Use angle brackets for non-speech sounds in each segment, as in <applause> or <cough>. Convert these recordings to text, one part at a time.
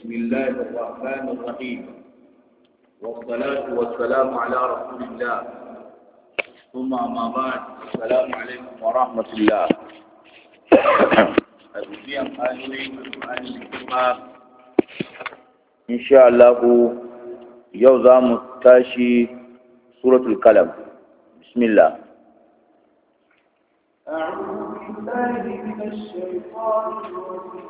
بسم الله الرحمن الرحيم والصلاة والسلام على رسول الله ثم ما بعد السلام عليكم ورحمة الله <coughs> أبديا قالوا إن شاء الله يوزا متاشي سورة القلم بسم الله أعوذ بالله من الشيطان الرجيم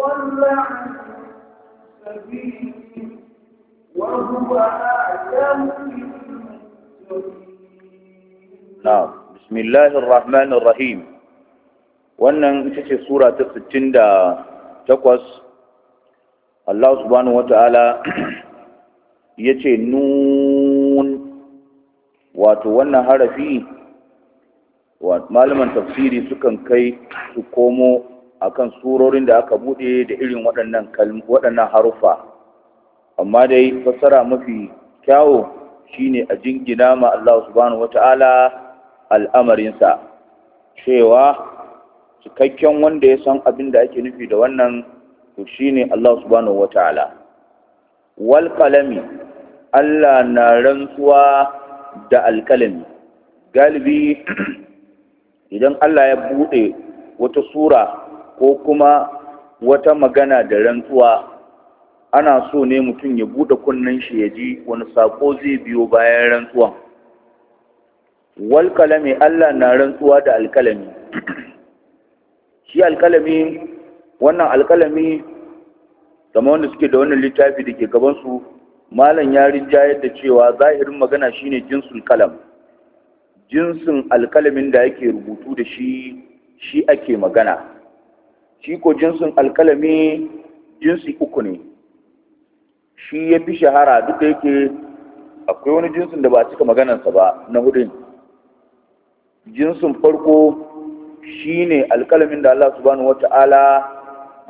ضل عن نعم بسم الله الرحمن الرحيم wannan ita ce sura ta 68 Allah subhanahu wata'ala <clears throat> ya ce nun wato wannan harafi malaman tafsiri sukan kai su komo akan surorin da aka bude da irin waɗannan waɗannan haruffa amma dai fassara mafi kyawu shine a jingina ma Allah subhanahu wata'ala sa cewa cikakken wanda ya san abin da ake nufi da wannan to shine Allah subhanahu wata'ala wal qalami Allah na rantsuwa da alkalami galibi <clears throat> idan Allah ya bude wata sura ko kuma wata magana da rantsuwa ana so ne mutum ya bude kunnen shi ya ji wani sako zai biyo bayan rantsuwan wal Allah na rantsuwa da alkalami shi alkalami wannan alkalami kamar wanda suke da wannan littafi da ke gabansu malam ya rinjayar da cewa zahirin magana shine jinsul kalam jinsin alkalamin da yake rubutu da shi shi ake magana shi ko jinsin alkalami jinsi uku ne shi ya fi shahara duk yake akwai wani jinsin da ba cika maganansa ba na hudun jinsin farko shi ne alkalamin da Allah subhanahu wata'ala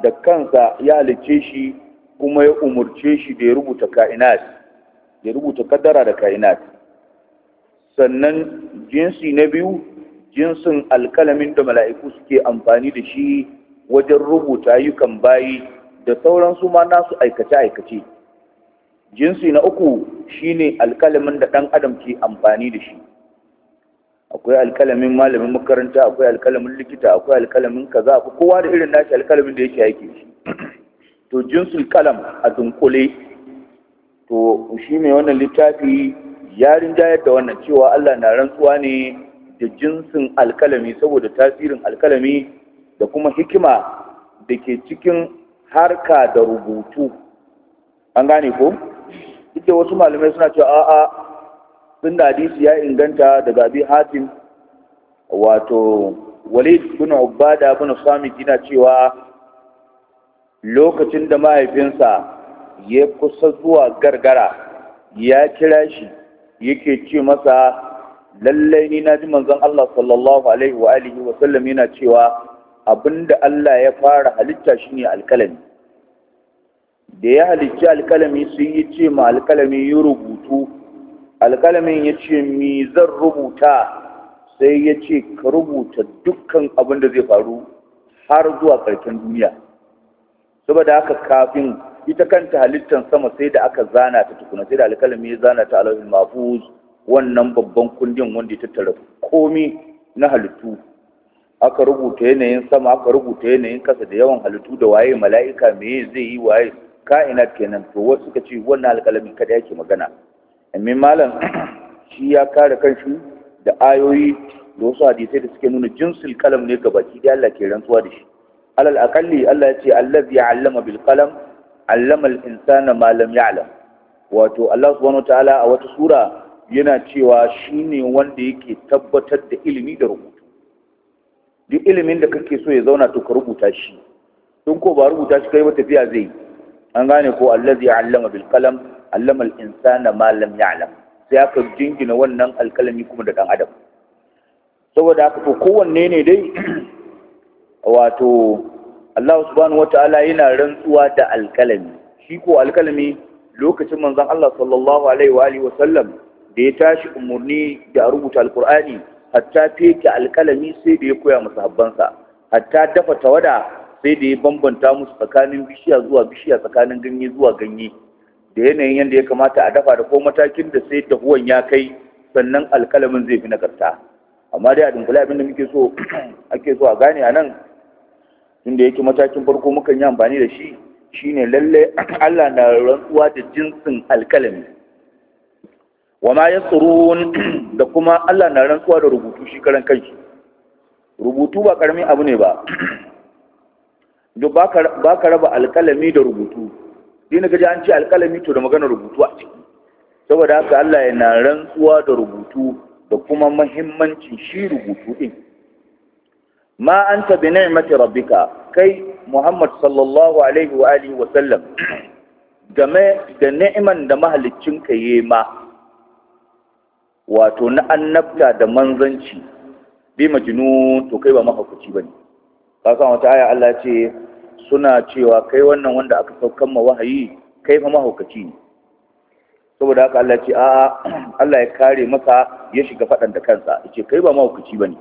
da kansa ya halicce shi kuma ya umurce shi da ya rubuta ka'inat ya rubuta kaddara da ka'inat sannan jinsi na biyu jinsin alkalamin da mala'iku suke amfani da shi wajen rubuta ayyukan bayi da sauran su ma nasu aikace-aikace jinsi na uku shine alkalamin da ɗan adam ke amfani da shi akwai alkalamin malamin makaranta akwai alkalamin likita akwai alkalamin kaza akwai kowa da irin nashi alkalamin da yake aiki shi to jinsul kalam a dunkule to shi mai wannan littafi ya rinja da wannan cewa Allah na rantsuwa ne da jinsin alkalami saboda tasirin alkalami da kuma hikima da ke cikin harka da rubutu an gane ko ita wasu malamai suna cewa a'a sun da hadisi ya inganta daga abi hatim wato walid bin ubada bin sami gina cewa lokacin da mahaifinsa ya kusa zuwa gargara ya kira shi yake ce masa lallai ni na ji manzon Allah sallallahu alaihi wa alihi wa sallam yana cewa abinda Allah ya fara halitta shine alkalami da ya halicci alkalami sai ya ce ma alkalami ya rubutu alkalamin ya ce mi zan rubuta sai ya ce ka rubuta dukkan abin da zai faru har zuwa ƙarshen duniya saboda haka kafin ita kanta halittar sama sai da aka zana ta tukuna sai da alkalami ya zana ta alawin mafuz wannan babban kundin wanda ya tattara komi na halittu aka rubuta yanayin sama aka rubuta yanayin kasa da yawan halittu da waye mala'ika me zai yi waye ka'inat kenan to wasu suka ce wannan alƙalamin kada yake magana amma malam <clears throat> shi ya kare kanshi da ayoyi da wasu hadisai da suke nuna jinsul kalam ne ga baki da Allah ke rantsuwa da shi alal aqalli Allah ya ce allazi allama bil qalam allama al insana ma lam ya'lam wato Allah subhanahu wataala a wata sura yana cewa shine wanda yake tabbatar da ilimi da rubutu duk ilimin da kake so ya zauna to ka rubuta shi in ko ba rubuta shi kai ba tafiya zai yi an gane ko allazi allama bil qalam allama al insana ma lam ya'lam sai aka jingina wannan alkalami kuma da dan adam saboda haka to kowanne ne dai <clears throat> wato Allah subhanahu wataala yana rantsuwa da alkalami shi ko alkalami lokacin manzon Allah sallallahu alaihi wa alihi wa sallam da ya tashi umurni da rubuta alqur'ani hatta feke alkalami sai da ya koya musu habbansa hatta dafa tawada sai da ya bambanta musu tsakanin bishiya zuwa bishiya tsakanin ganye zuwa ganye da yanayin yadda ya kamata a dafa da ko matakin da sai dahuwan ya kai sannan alkalamin zai fi nagarta amma dai a dunkule abin da muke so <clears throat> ake so a gane a nan inda yake matakin farko mukan yi amfani da shi shine lallai <clears throat> Allah na rantsuwa da jinsin alkalami wa ma yasurun <clears throat> da kuma Allah na rantsuwa da rubutu shi karan shi. rubutu ba karmi abu ne ba <clears throat> duk ba ka raba alkalami da rubutu na gaji an ce alkalami to da magana rubutu a ciki saboda haka Allah yana rantsuwa da rubutu da kuma mahimmancin shi rubutu din ma anta bi ni'mati rabbika kai Muhammad sallallahu alaihi wa alihi wa sallam <clears throat> game da ni'iman da mahaliccinka yema wato na annabta da manzanci bi majnun to kai ba mahaukaci bane ba san wata aya Allah ce suna cewa kai wannan wanda aka saukan ma wahayi kai fa mahaukaci ne saboda haka Allah ce a <clears throat> Allah ya kare maka ya shiga fadan da kansa yace kai ba mahaukaci bane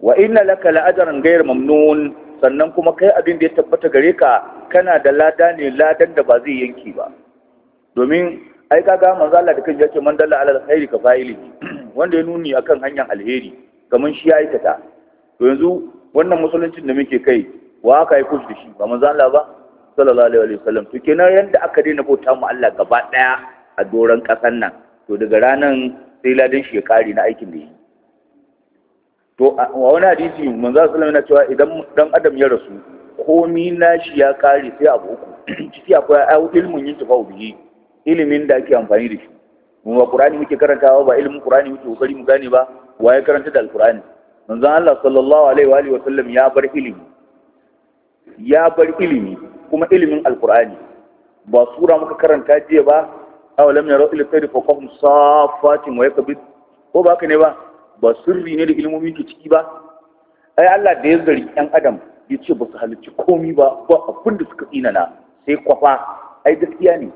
wa inna laka ajran ghayr mamnun sannan kuma kai abin da ya tabbata gare ka kana da lada ne ladan da ba zai yanke ba domin ai kaga manzo Allah da kan yake man dalla alal khairi ka fa'ili wanda ya nuni akan hanyar alheri kaman shi ya aikata to yanzu wannan musuluncin da muke kai wa aka yi kushi da shi ba manzo Allah ba sallallahu alaihi wa sallam to kenan yanda aka daina bauta mu Allah gaba daya a doran kasan nan to daga ranan sai ladan shi ya kare na aikin da yi to a wani hadisi manzo sallallahu alaihi wa sallam cewa idan dan adam ya rasu komi shi ya kare sai abu uku <clears throat> ciki akwai ilmin yin tafawu bihi ilimin da ake amfani da shi mu ba qur'ani muke karantawa ba ilimin qur'ani muke kokari mu gane ba waye karanta da alqur'ani manzon Allah sallallahu alaihi wa alihi wa sallam ya bar ilimi ya bar ilimi kuma ilimin alqur'ani ba sura muka karanta jiya ba aw lam yara ila fa faqahum safatin wa yakbit ko ba ka ne ba ba sirri ne da ilimin ke ciki ba ai Allah da ya zari ɗan adam ya ce ba su halicci komi ba ba abin da suka tsinana sai kwafa ai gaskiya ne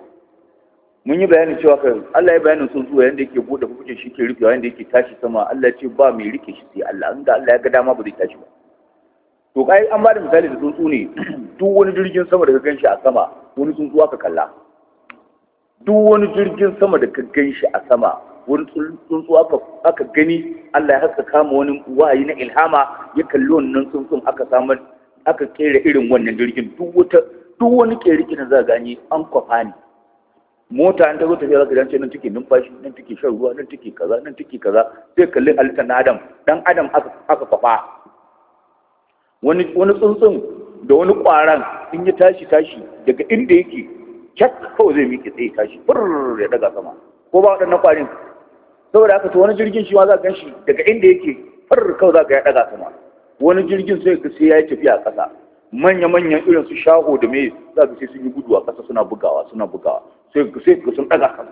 mun yi bayanin cewa kan Allah ya bayanin sun zuwa yanda yake bude fukucin shi ke rufewa yanda yake tashi sama Allah ya ce ba mai rike shi sai Allah inda Allah ya ga dama ba zai tashi ba to kai an ba da misali da tsuntsu ne <clears throat> duk wani jirgin sama da ka ganshi a sama wani tsuntsu aka kalla duk wani jirgin sama da ka ganshi a sama wani tsuntsu aka gani Allah ya haska kama wani wayi na ilhama ya kalli wannan tsuntsun aka samar aka kera irin wannan jirgin duk wata duk wani kere kina za gani an kwafa ne mota an ta zo tafiya za ka dace nan take numfashi nan take shan ruwa nan take kaza nan take kaza sai kallin halittar na adam dan adam aka kwafa wani wani tsuntsun da wani kwaran in ya tashi tashi daga inda yake kyak kawai zai miƙe tsaye tashi fur ya daga sama ko ba waɗannan kwarin saboda haka to wani jirgin shi ma za ka gan shi daga inda yake fur kawai za ka ya daga sama wani jirgin sai ka sai ya tafiya a ƙasa manya-manyan irin su shaho da mai za su sai sun yi gudu a ƙasa suna bugawa suna bugawa sai sai ka sun ɗaga sama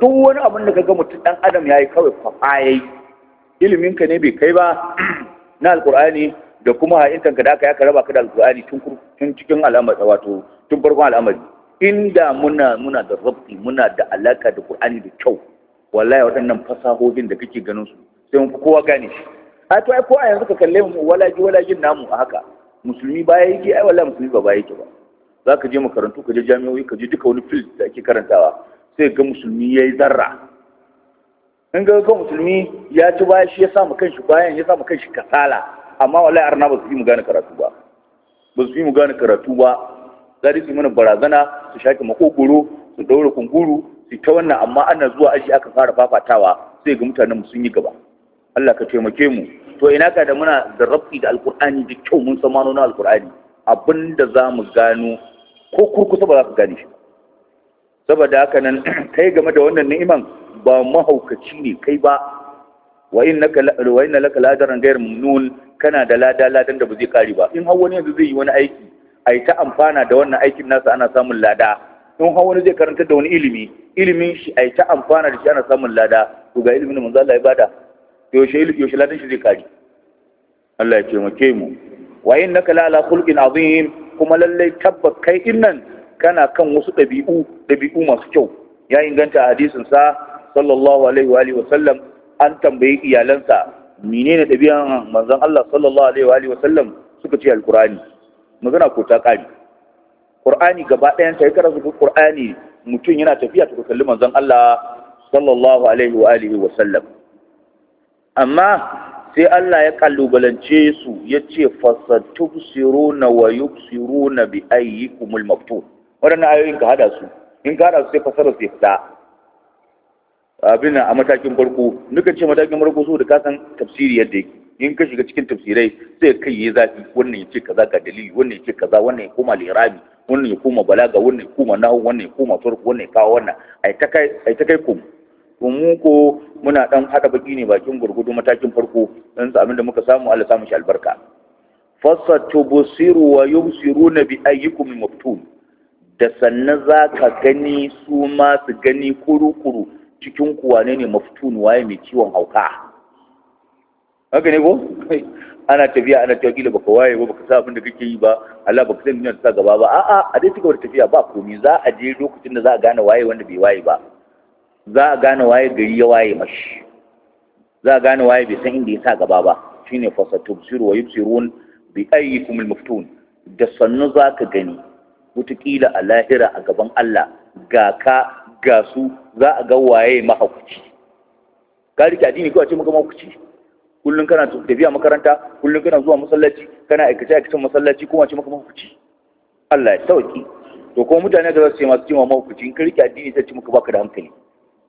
duk wani abin da kaga mutum ɗan adam yayi kawai kwafa Ilimin ka iliminka ne bai kai ba <clears throat> na alƙur'ani da kuma ha'intanka da aka yaka raba ka da alƙur'ani tun cikin al'amari wato tun farkon al'amari inda muna muna da rabbi muna da alaka da ƙur'ani da kyau wallahi waɗannan fasahohin da kake ganin su sai mun kowa gane shi a to ai ko a yanzu ka kalle mu walaji walajin namu a haka musulmi baya yake ai wallahi musulmi ba baya yake ba za ka je makarantu ka je jami'o'i ka je duka wani field da ake karantawa sai ga musulmi ya yi zarra in ga ga musulmi ya ci baya shi ya sa kan shi bayan ya sa kan shi kasala amma wallahi arna ba su fi mu gane karatu ba ba su fi mu gane karatu ba za su yi mana barazana su shaƙi makogoro su daura kunguru su ta wannan amma ana zuwa aji aka fara fafatawa sai ga mutanenmu sun yi gaba Allah ka taimake mu to ina ka da muna da rafi da alkur'ani da kyau mun san manonin alkur'ani abinda za mu gano ko kurkusa ba za ka gane shi saboda haka nan <clears throat> kai game da wannan ni'iman ba mahaukaci ne kai ba wa inna laka ladaran ghayr mamnun kana da lada ladan da ba zai kare ba in har wani yanzu zai yi wani aiki a yi ta amfana da wannan aikin nasa ana samun lada in har wani zai karanta da wani ilimi ilimin shi a yi ta amfana da shi ana samun lada to ga ilimin manzo Allah ya bada yaushe ladan shi zai kare Allah ya taimake mu wa innaka la ala khulqin azim kuma lallai tabbas kai innan kana kan wasu ɗabi'u dabi'u masu kyau ya inganta hadisin sa sallallahu alaihi wa alihi wa sallam an tambayi iyalansa menene ɗabi'an manzon Allah sallallahu alaihi wa alihi wa sallam suka ce alqur'ani magana ko ta kare qur'ani gaba ɗayan sai ka rubuta qur'ani mutum yana tafiya ta kalli manzon Allah sallallahu alaihi wa alihi wa sallam amma sai Allah ya kalubalance su ya ce wayo wa na bi kumul maftun waɗannan ayoyin ka hada su in ka hada su sai fasara sai fita abin a matakin farko nuka ce matakin farko su da ka san tafsiri yadda yake in ka shiga cikin tafsirai sai kai yi zafi wannan ya ce kaza ga dalili wannan ya ce kaza wannan ya koma lirabi wannan ya koma balaga wannan ya koma nahu wannan ya koma turku wannan ya kawo wannan ai ta kai ai ta kai kuma mu ko muna dan haka baki ne bakin gurgudu matakin farko dan su abinda muka samu Allah samu shi albarka fasatubsiru wa yubsiruna bi ayyikum maftun da sannan zaka gani su ma su gani kurukuru cikin ku wane ne maftun waye mai ciwon hauka haka ne ko ana tafiya ana tafiya kila baka waye ba baka sa abin da kake yi ba Allah baka san duniya ta gaba ba a'a a dai tuka tafiya ba komai za a je lokacin da za a gane waye wanda bai waye ba za a gane waye gari ya waye mashi za a gane waye bai san inda ya sa gaba ba shine fasatubsiru wa yubsirun bi ayyikum almuftun da sannu za ka gani wataƙila a lahira a gaban Allah ga ka ga su za a ga waye mahaukaci ka rike addini ko a ce maka mahaukaci kullum kana tafiya makaranta kullum kana zuwa masallaci kana aikace aikacen masallaci kuma ce maka mahaukaci Allah ya sauki to kuma mutane da za su ce masu cewa mahaukaci in ka rike addini sai ce maka baka da hankali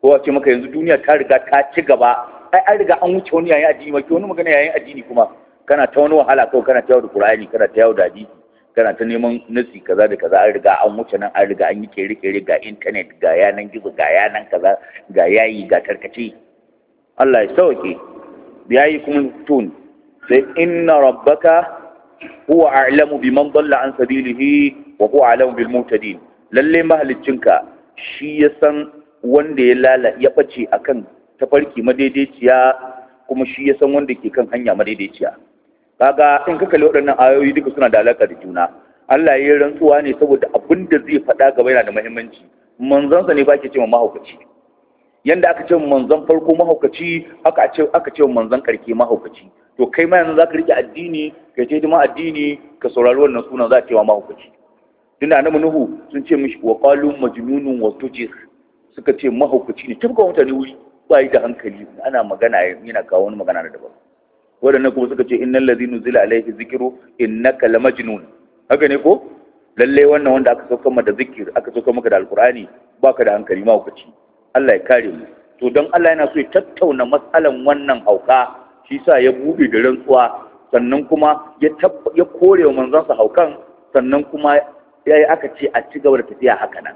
ko a ce maka yanzu duniya ta riga ta ci gaba ai an riga an wuce wani yayin addini ma ke wani magana yayin addini kuma kana ta wani wahala kawai kana ta yawo da qur'ani kana ta yawo da hadisi kana ta neman nasi kaza da kaza an riga an wuce nan an riga an yi kere kere ga internet ga yanan gizo ga yanan kaza ga yayi ga tarkace Allah ya sauke yi kuma tun sai inna rabbaka huwa a'lamu biman dalla an sabilihi wa huwa a'lamu bil mutadin lalle mahaliccinka shi ya san wanda ya lala ya bace kan tafarki madaidaiciya kuma shi ya san wanda ke kan hanya madaidaiciya kaga in ka kalli waɗannan ayoyi duka suna da alaƙa da juna Allah ya yi rantsuwa ne saboda abin da zai faɗa gaba yana da muhimmanci manzansa ne ba ke cewa mahaukaci yanda aka ce manzan farko mahaukaci aka ce aka ce manzan karke mahaukaci to kai ma yanzu zaka rike addini ka ce hidima addini ka saurari wannan sunan za a cewa mahaukaci tunda annabi nuhu sun ce mishi wa qalu majnunun wa tujir suka ce mahaukaci ne tafka mutane wuri ba yi da hankali ana magana yana kawo wani magana da daban waɗannan kuma suka ce innal ladhi nuzila in na innaka lamajnun haka ne ko lalle wannan wanda aka sauka maka da zikir aka sauka maka da alqur'ani baka da hankali mahaukaci Allah ya kare mu to don Allah yana so ya tattauna matsalan wannan hauka shi sa ya buɗe da rantsuwa sannan kuma ya kore wa manzansa haukan sannan kuma ya aka ce a ci gaba da tafiya haka nan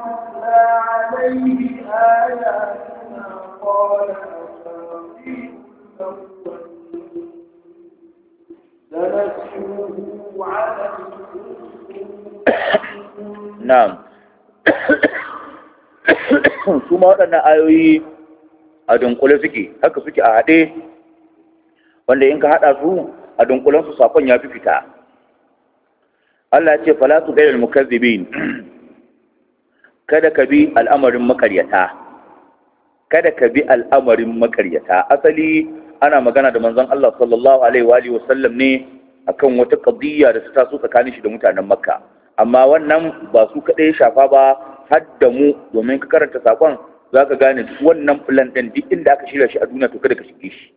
عليه su ma waɗannan ayoyi a dunkule suke haka suke a haɗe wanda in ka haɗa su a dunkulensu sakon ya fi fita Allah ce Falatu ɗaya da mukazzibin kada ka bi al'amarin makaryata kada ka bi al'amarin makaryata asali ana magana da manzon Allah sallallahu alaihi wasallam ne akan wata qadiyya da ta taso tsakanin shi da mutanen Makka amma wannan ba su kaɗai shafa ba har da mu domin ka karanta sakon zaka gane wannan plan ɗin duk inda aka shirya shi a duniya to kada ka shige shi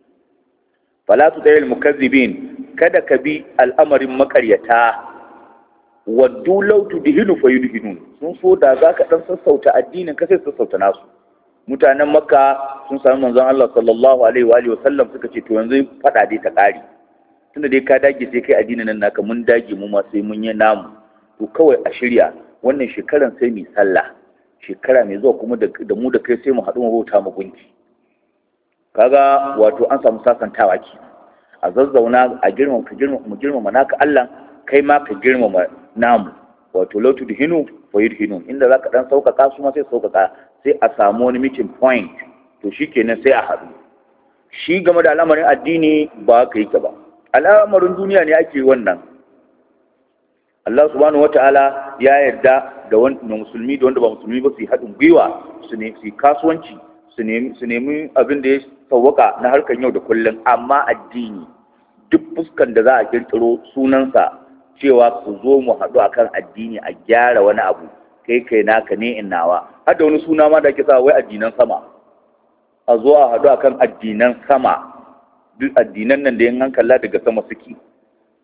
fala tu dayil mukazzibin kada ka bi al'amarin makaryata waddu law tudhinu fayudhinun sun so da zaka dan sassauta addinin ka sai sassauta nasu mutanen makka sun sami manzon Allah sallallahu alaihi wa alihi sallam suka ce to yanzu fada dai ta kare tunda dai ka dage sai kai addinin nan naka mun dage mu ma sai mun yi namu to kawai a shirya wannan shekaran sai mu sallah shekara mai zuwa kuma da mu da kai sai mu haɗu mu bauta mu gunki kaga wato an samu sasantawa ke a zazzauna a girmama mu girmama naka Allah kai ma ka girmama namu wato lautu hinu yi hinu inda zaka dan saukaka su ma sai sauƙaƙa, sai a samu wani meeting point to shikenan sai a haɗu shi game da al'amarin addini ba ka yi ba al'amarin duniya ne ake wannan Allah subhanahu wa Ta'ala ya yarda da wani musulmi da wanda ba musulmi ba su haɗin gwiwa su ne su kasuwanci su nemi abin da ya sauwaka na harkar yau da kullum amma addini duk fuskan da za a kirkiro sunansa cewa ku zo mu haɗu akan addini a gyara wani abu kai kai naka ne in nawa har wani suna ma da ake sa wai addinan sama a zo a haɗu akan addinan sama duk addinan nan da yin hankala daga sama suke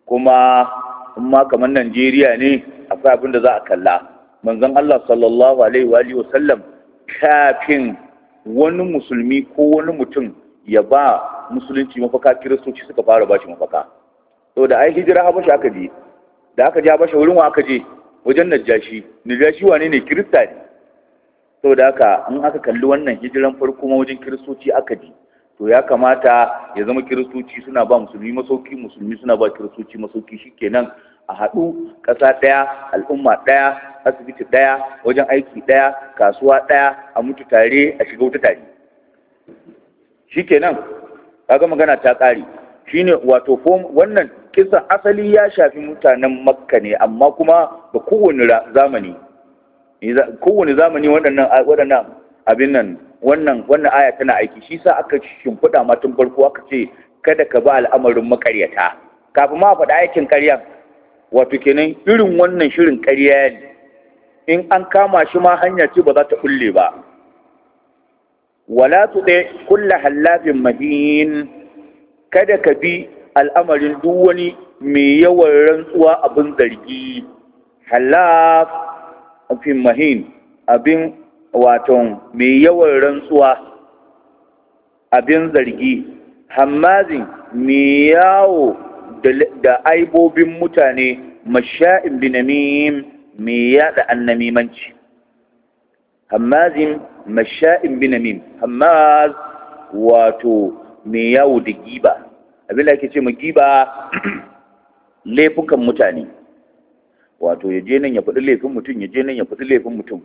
kuma in ma kamar Najeriya ne akwai abin da za a kalla manzon Allah sallallahu alaihi wa alihi kafin wani musulmi ko wani mutum ya ba musulunci mafaka kiristoci suka fara bashi mafaka saboda ai hijira habashi aka je da aka ja bashi wurin wa aka je wajen najashi najashi wane ne kirista ne saboda haka in aka kalli wannan hijiran farko ma wajen kiristoci aka ji to ya kamata ya zama kiristoci suna ba musulmi masauki musulmi suna ba kiristoci masauki shikenan a haɗu ƙasa ɗaya al'umma ɗaya asibiti ɗaya wajen aiki ɗaya kasuwa ɗaya a mutu tare a shiga wuta tare shikenan kaga magana ta ƙare shine wato wannan Kisan asali ya shafi mutanen makka ne amma kuma ga kowane zamani kowane zamani waɗannan abin nan wannan wannan aya tana aiki shi sa aka shimfiɗa matan farko aka ce kada ka ba al'amarin makaryata kafin ma faɗa aikin karyar. wato kenan irin wannan shirin karya ne in an kama shi ma hanya ce ba za ta kulle ba wala tuɗe kulla hallafin mahin kada ka bi al'amarin duk wani mai yawan rantsuwa abin zargi halaf fin mahin abin waton mai yawan rantsuwa abin zargi hamazin mai yawo da aibobin mutane masha'in binamim mai yada annamimanci hamazin masha'in binamim hamaz wato mai yawo da giba abin da ake ce giba <clears throat> laifukan mutane wato ya je nan ya faɗi laifin mutum ya je nan ya faɗi laifin mutum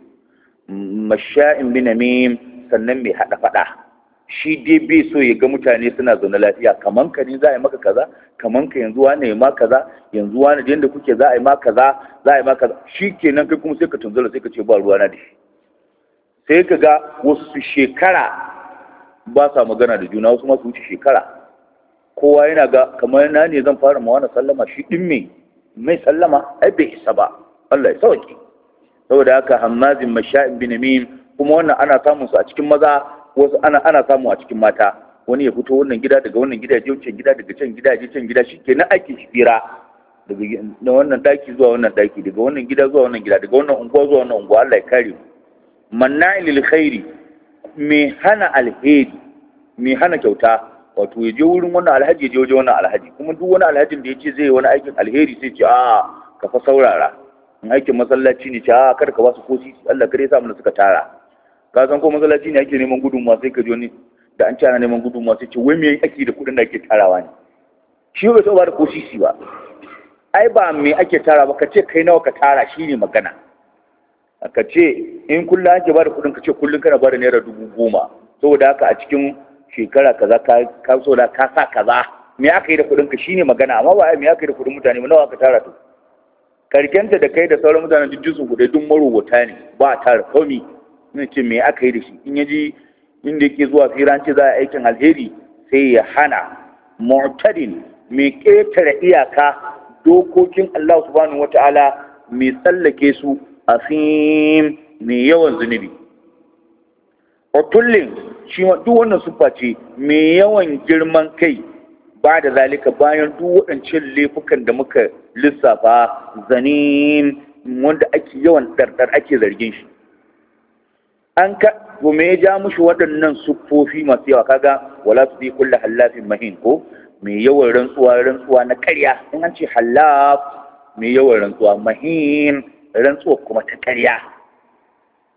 masha'in binamim sannan mai haɗa faɗa shi dai bai so ya ga mutane suna zaune lafiya kaman ka ne za a yi maka kaza kaman ka yanzu wane ya ma kaza yanzu wane da yadda kuke za a yi ma kaza za a yi ma kaza shi kenan kai kuma sai ka tunzula sai ka ce ba ruwa na da shi sai ka ga wasu shekara ba sa magana da juna wasu ma su wuce shekara kowa yana ga kamar na ne zan fara ma wani sallama shi din me mai sallama ai bai isa ba Allah ya sauke saboda haka hammazin masha'in amin kuma wannan ana samun su a cikin maza wasu ana ana samu a cikin mata wani ya fito wannan gida daga wannan gida je can gida daga can gida je can gida shikenan shi shira daga wannan daki zuwa wannan daki daga wannan gida zuwa wannan gida daga wannan unguwa zuwa wannan unguwa Allah ya kare mu manna'il khairi mai hana alheri mai hana kyauta wato ya je wurin wannan alhaji ya je wajen wannan alhaji kuma duk wani alhajin da ya ce zai wani aikin alheri sai ce a ka fa saurara in aikin masallaci ne ce a kada ka ba su kosi Allah kare sa mana suka tara ka san ko masallaci ne ake neman gudunmuwa sai ka je wani da an cana neman gudunmuwa sai ce wai me ake da kuɗin da ake tarawa ne shi bai so ba da kosi ba ai ba me ake tara ba ka ce kai nawa ka tara shi ne magana ka ce in kullum ake ba da kuɗin ka ce kullum kana ba da naira dubu goma saboda haka a cikin shekara kaza ka so da ka sa kaza me aka yi da kuɗin ka shine magana amma ba me aka yi da kuɗin mutane nawa aka tara to karkenta da kai da sauran mutanen duk jinsu kuɗai duk marubuta ne ba tara komi ne ce me aka yi da shi in yaji inda yake zuwa firanci za a aikin alheri sai ya hana mu'tadin mai ƙetare iyaka dokokin Allah subhanahu wata'ala mai tsallake su asim mai yawan zunubi otullin shi duk wannan siffa ce mai yawan girman kai ba da zalika bayan duk waɗancan laifukan da muka lissafa zanin wanda ake yawan ɗarɗar ake zargin shi an ka to me ya ja mushi waɗannan siffofi masu yawa kaga wala su bi kullu hallafin mahin ko mai yawan rantsuwa rantsuwa na ƙarya in an ce hallaf mai yawan rantsuwa mahin rantsuwa kuma ta ƙarya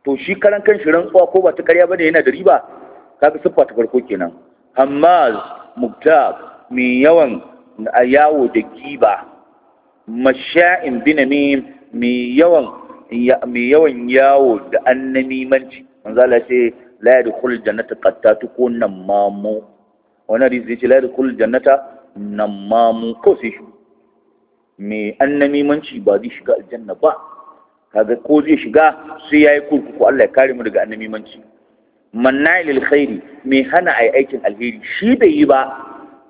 to shi karan kan shi rantsuwa ko ba ta karya bane yana da riba kaga siffa ta farko kenan hammaz muktab mai yawan yawo da giba masha'in binamim mi yawan mai yawan yawo da annamimanci manzo Allah ce la yadkhul jannata qattatu ko mamu wannan rizqi ce la yadkhul jannata namamu ko sai shi mai annamimanci ba zai shiga aljanna ba kaga ko zai shiga sai ya yi kurkuku Allah ya kare mu daga manci manna'i lil khairi mai hana ai aikin alheri shi bai yi ba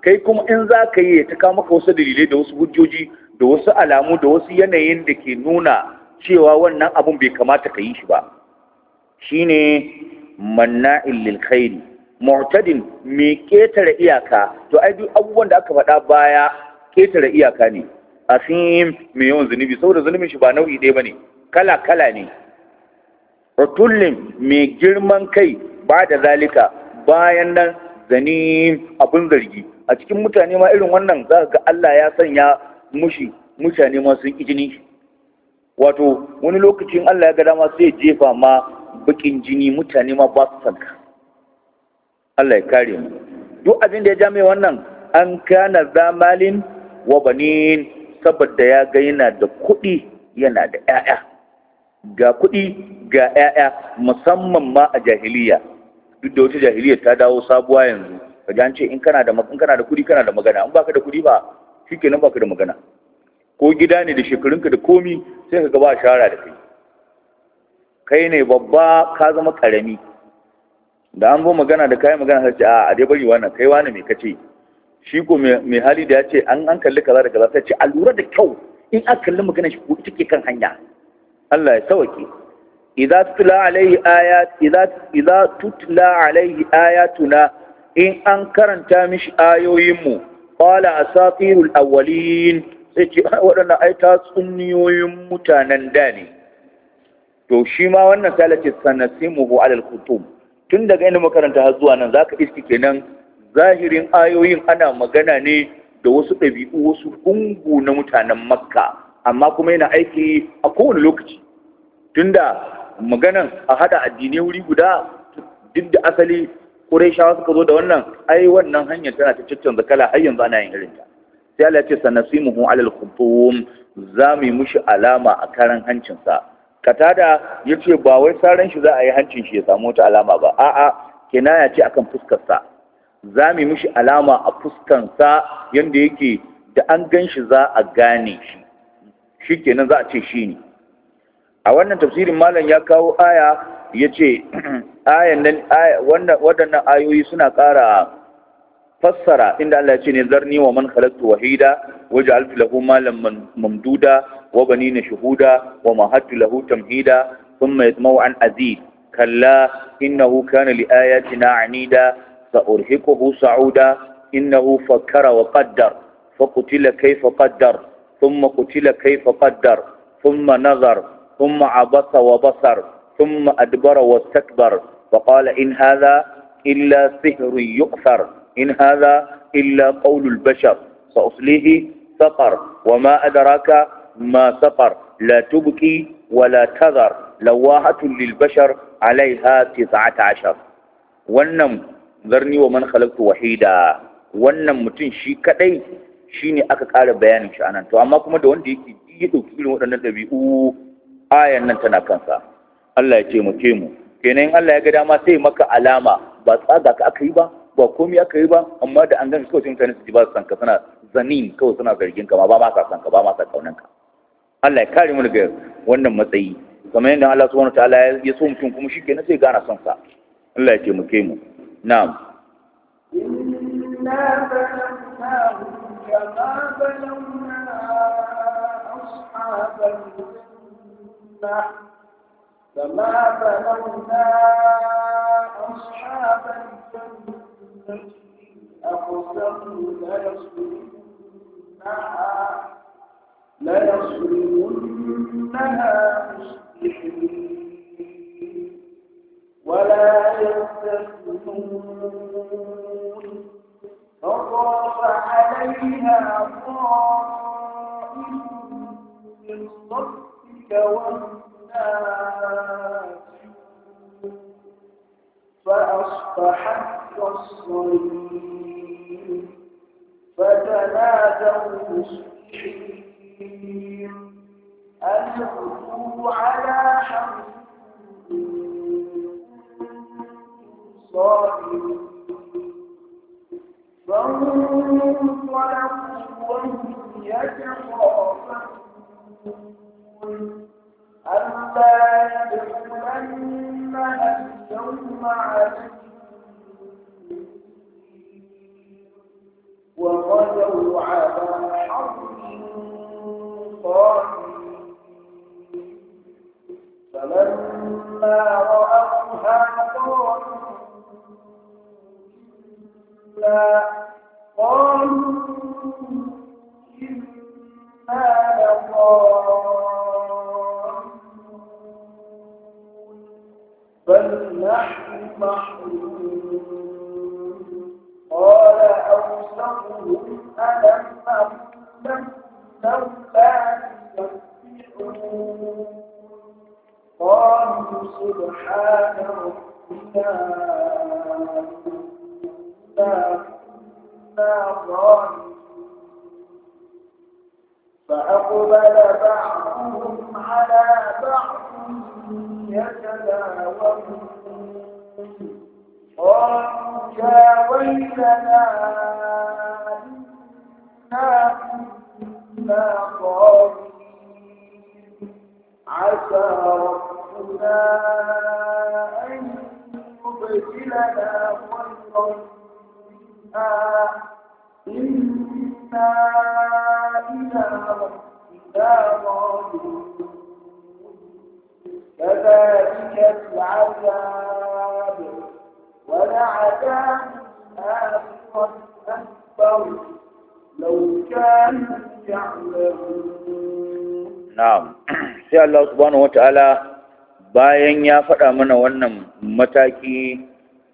kai kuma in za ka yi ta kawo maka wasu dalilai da wasu hujjoji da wasu alamu da wasu yanayin da ke nuna cewa wannan abun bai kamata ka yi shi ba shine manna'il lil khairi mu'tadin me ketare iyaka to ai duk abubuwan da aka faɗa baya ketare iyaka ne asim mai yawan zunubi saboda zunubin shi ba nau'i ɗaya bane kala-kala ne rutullin mai girman kai ba da zalika bayan nan zani abin zargi a cikin mutane ma irin wannan za ga Allah ya sanya mushi mutane ma sun wato wani lokacin Allah ya ga dama sai jefa ma bakin jini mutane ma ba su sanka Allah ya kare mu duk abin da ya ja wannan an kana zamalin wa banin saboda ya ga yana da kuɗi yana da 'ya'ya ga kuɗi ga 'ya'ya musamman ma a jahiliya duk da wata jahiliya ta dawo sabuwa yanzu ka ji an ce in kana da in kana da kuɗi kana da magana in baka da kuɗi ba shikenan baka da magana ko gida ne da shekarunka da komi sai ka gaba shara da kai kai ne babba ka zama karami da an zo magana da kayan magana sai ce a dai bari wannan kai wani me kace shi ko mai hali da ya ce an an kalli kaza da kaza sai ce a lura da kyau in an kalli magana shi ko ita ke kan hanya Allah ya sauke idza tutla alaihi ayat idza idza tutla alaihi ayatuna in an karanta mishi ayoyinmu qala asatirul awwalin sai ce ah, waɗannan ai tatsuniyoyin mutanen da ne to shi ma wannan sanasimu sanasimuhu alal kutub tun daga inda makaranta har zuwa nan zaka iski kenan zahirin ayoyin ana magana ne da wasu ɗabi'u wasu gungu na mutanen makka amma kuma yana aiki a kowane lokaci tunda maganan a hada addini wuri guda duk da asali Qurayshawa suka zo da wannan ai wannan hanyar tana ta caccanza kala har yanzu ana yin irin ta sai Allah ya ce sanasimuhu alal khutum zami mushi alama a karan hancin sa katada yace ba wai saran shi za a yi hancin shi ya samu wata alama ba a'a kinaya ce akan fuskar sa zami mushi alama a fuskan sa yanda yake da an gan shi za a gane shi shikenan za a ce shi ne a wannan tafsirin malam ya kawo aya ya ce <clears throat> waɗannan ayoyi suna ƙara fassara inda Allah ce ne zarni wa man khalaqtu wahida waj'altu lahu malam mamduda wa banina shuhuda wa mahattu lahu tamhida thumma yatma'u an azid kalla innahu kana liayatina anida sa'urhiquhu sa'uda innahu fakkara wa qaddar فقتل كيف قدر ثم قتل كيف قدر ثم nazar. ثم عبس وبصر ثم أدبر واستكبر وقال إن هذا إلا سهر يؤثر إن هذا إلا قول البشر سأصليه سقر وما أدراك ما سقر لا تبكي ولا تذر لواحة للبشر عليها تسعة عشر ونم ذرني ومن خلقت وحيدا ونم متن شيكتي شيني أكا قال بيان شأنا تو أما كما دون دي يدو كيلو ودن دبي ayan nan tana kansa Allah ya ce mu ke mu kenan Allah ya ga dama sai maka alama ba tsaga ka aka yi ba ba komai aka yi ba amma da an gani kawai sun mutane ji ba su san ka suna zanin kawai suna zargin ka ma ba ma ka san ka ba ma ka kaunan ka Allah ya kare mu daga wannan matsayi kamar yadda Allah subhanahu wataala ya so mutum kuma kenan sai gana son sa Allah ya ce mu ke mu na'am inna kama ashabal فما بلغنا أصحاب الجنة أقسموا ليصرمنها ليصرمنها مسلمين ولا يستثنون فطاف عليها طائف من صدق فأصبحت كالصريم فتنادوا مصبحين أن اغدوا على حمصكم صابرين فانطلقوا وهم يتخافتون ألا يدخلنها اليوم عليكم وغدوا على حرب قاتل فلما رأوها قالوا إنا قالوا إنا لضالون بل نحن محرومون قال أوسطهم ألم أمن لولا يسبحون قالوا سبحان ربنا إنا كنا ظالمين فأقبل بعضهم على بعض يتداومون قالوا يا ويلنا إنا كنا عسى ربنا أن يبدلنا خيرا منها إنا ربنا راجعون فذلك العذاب ولعذاب الآخرة أكبر لو كانوا يعلمون نعم sai Allah subhanahu wataala bayan ya faɗa mana wannan mataki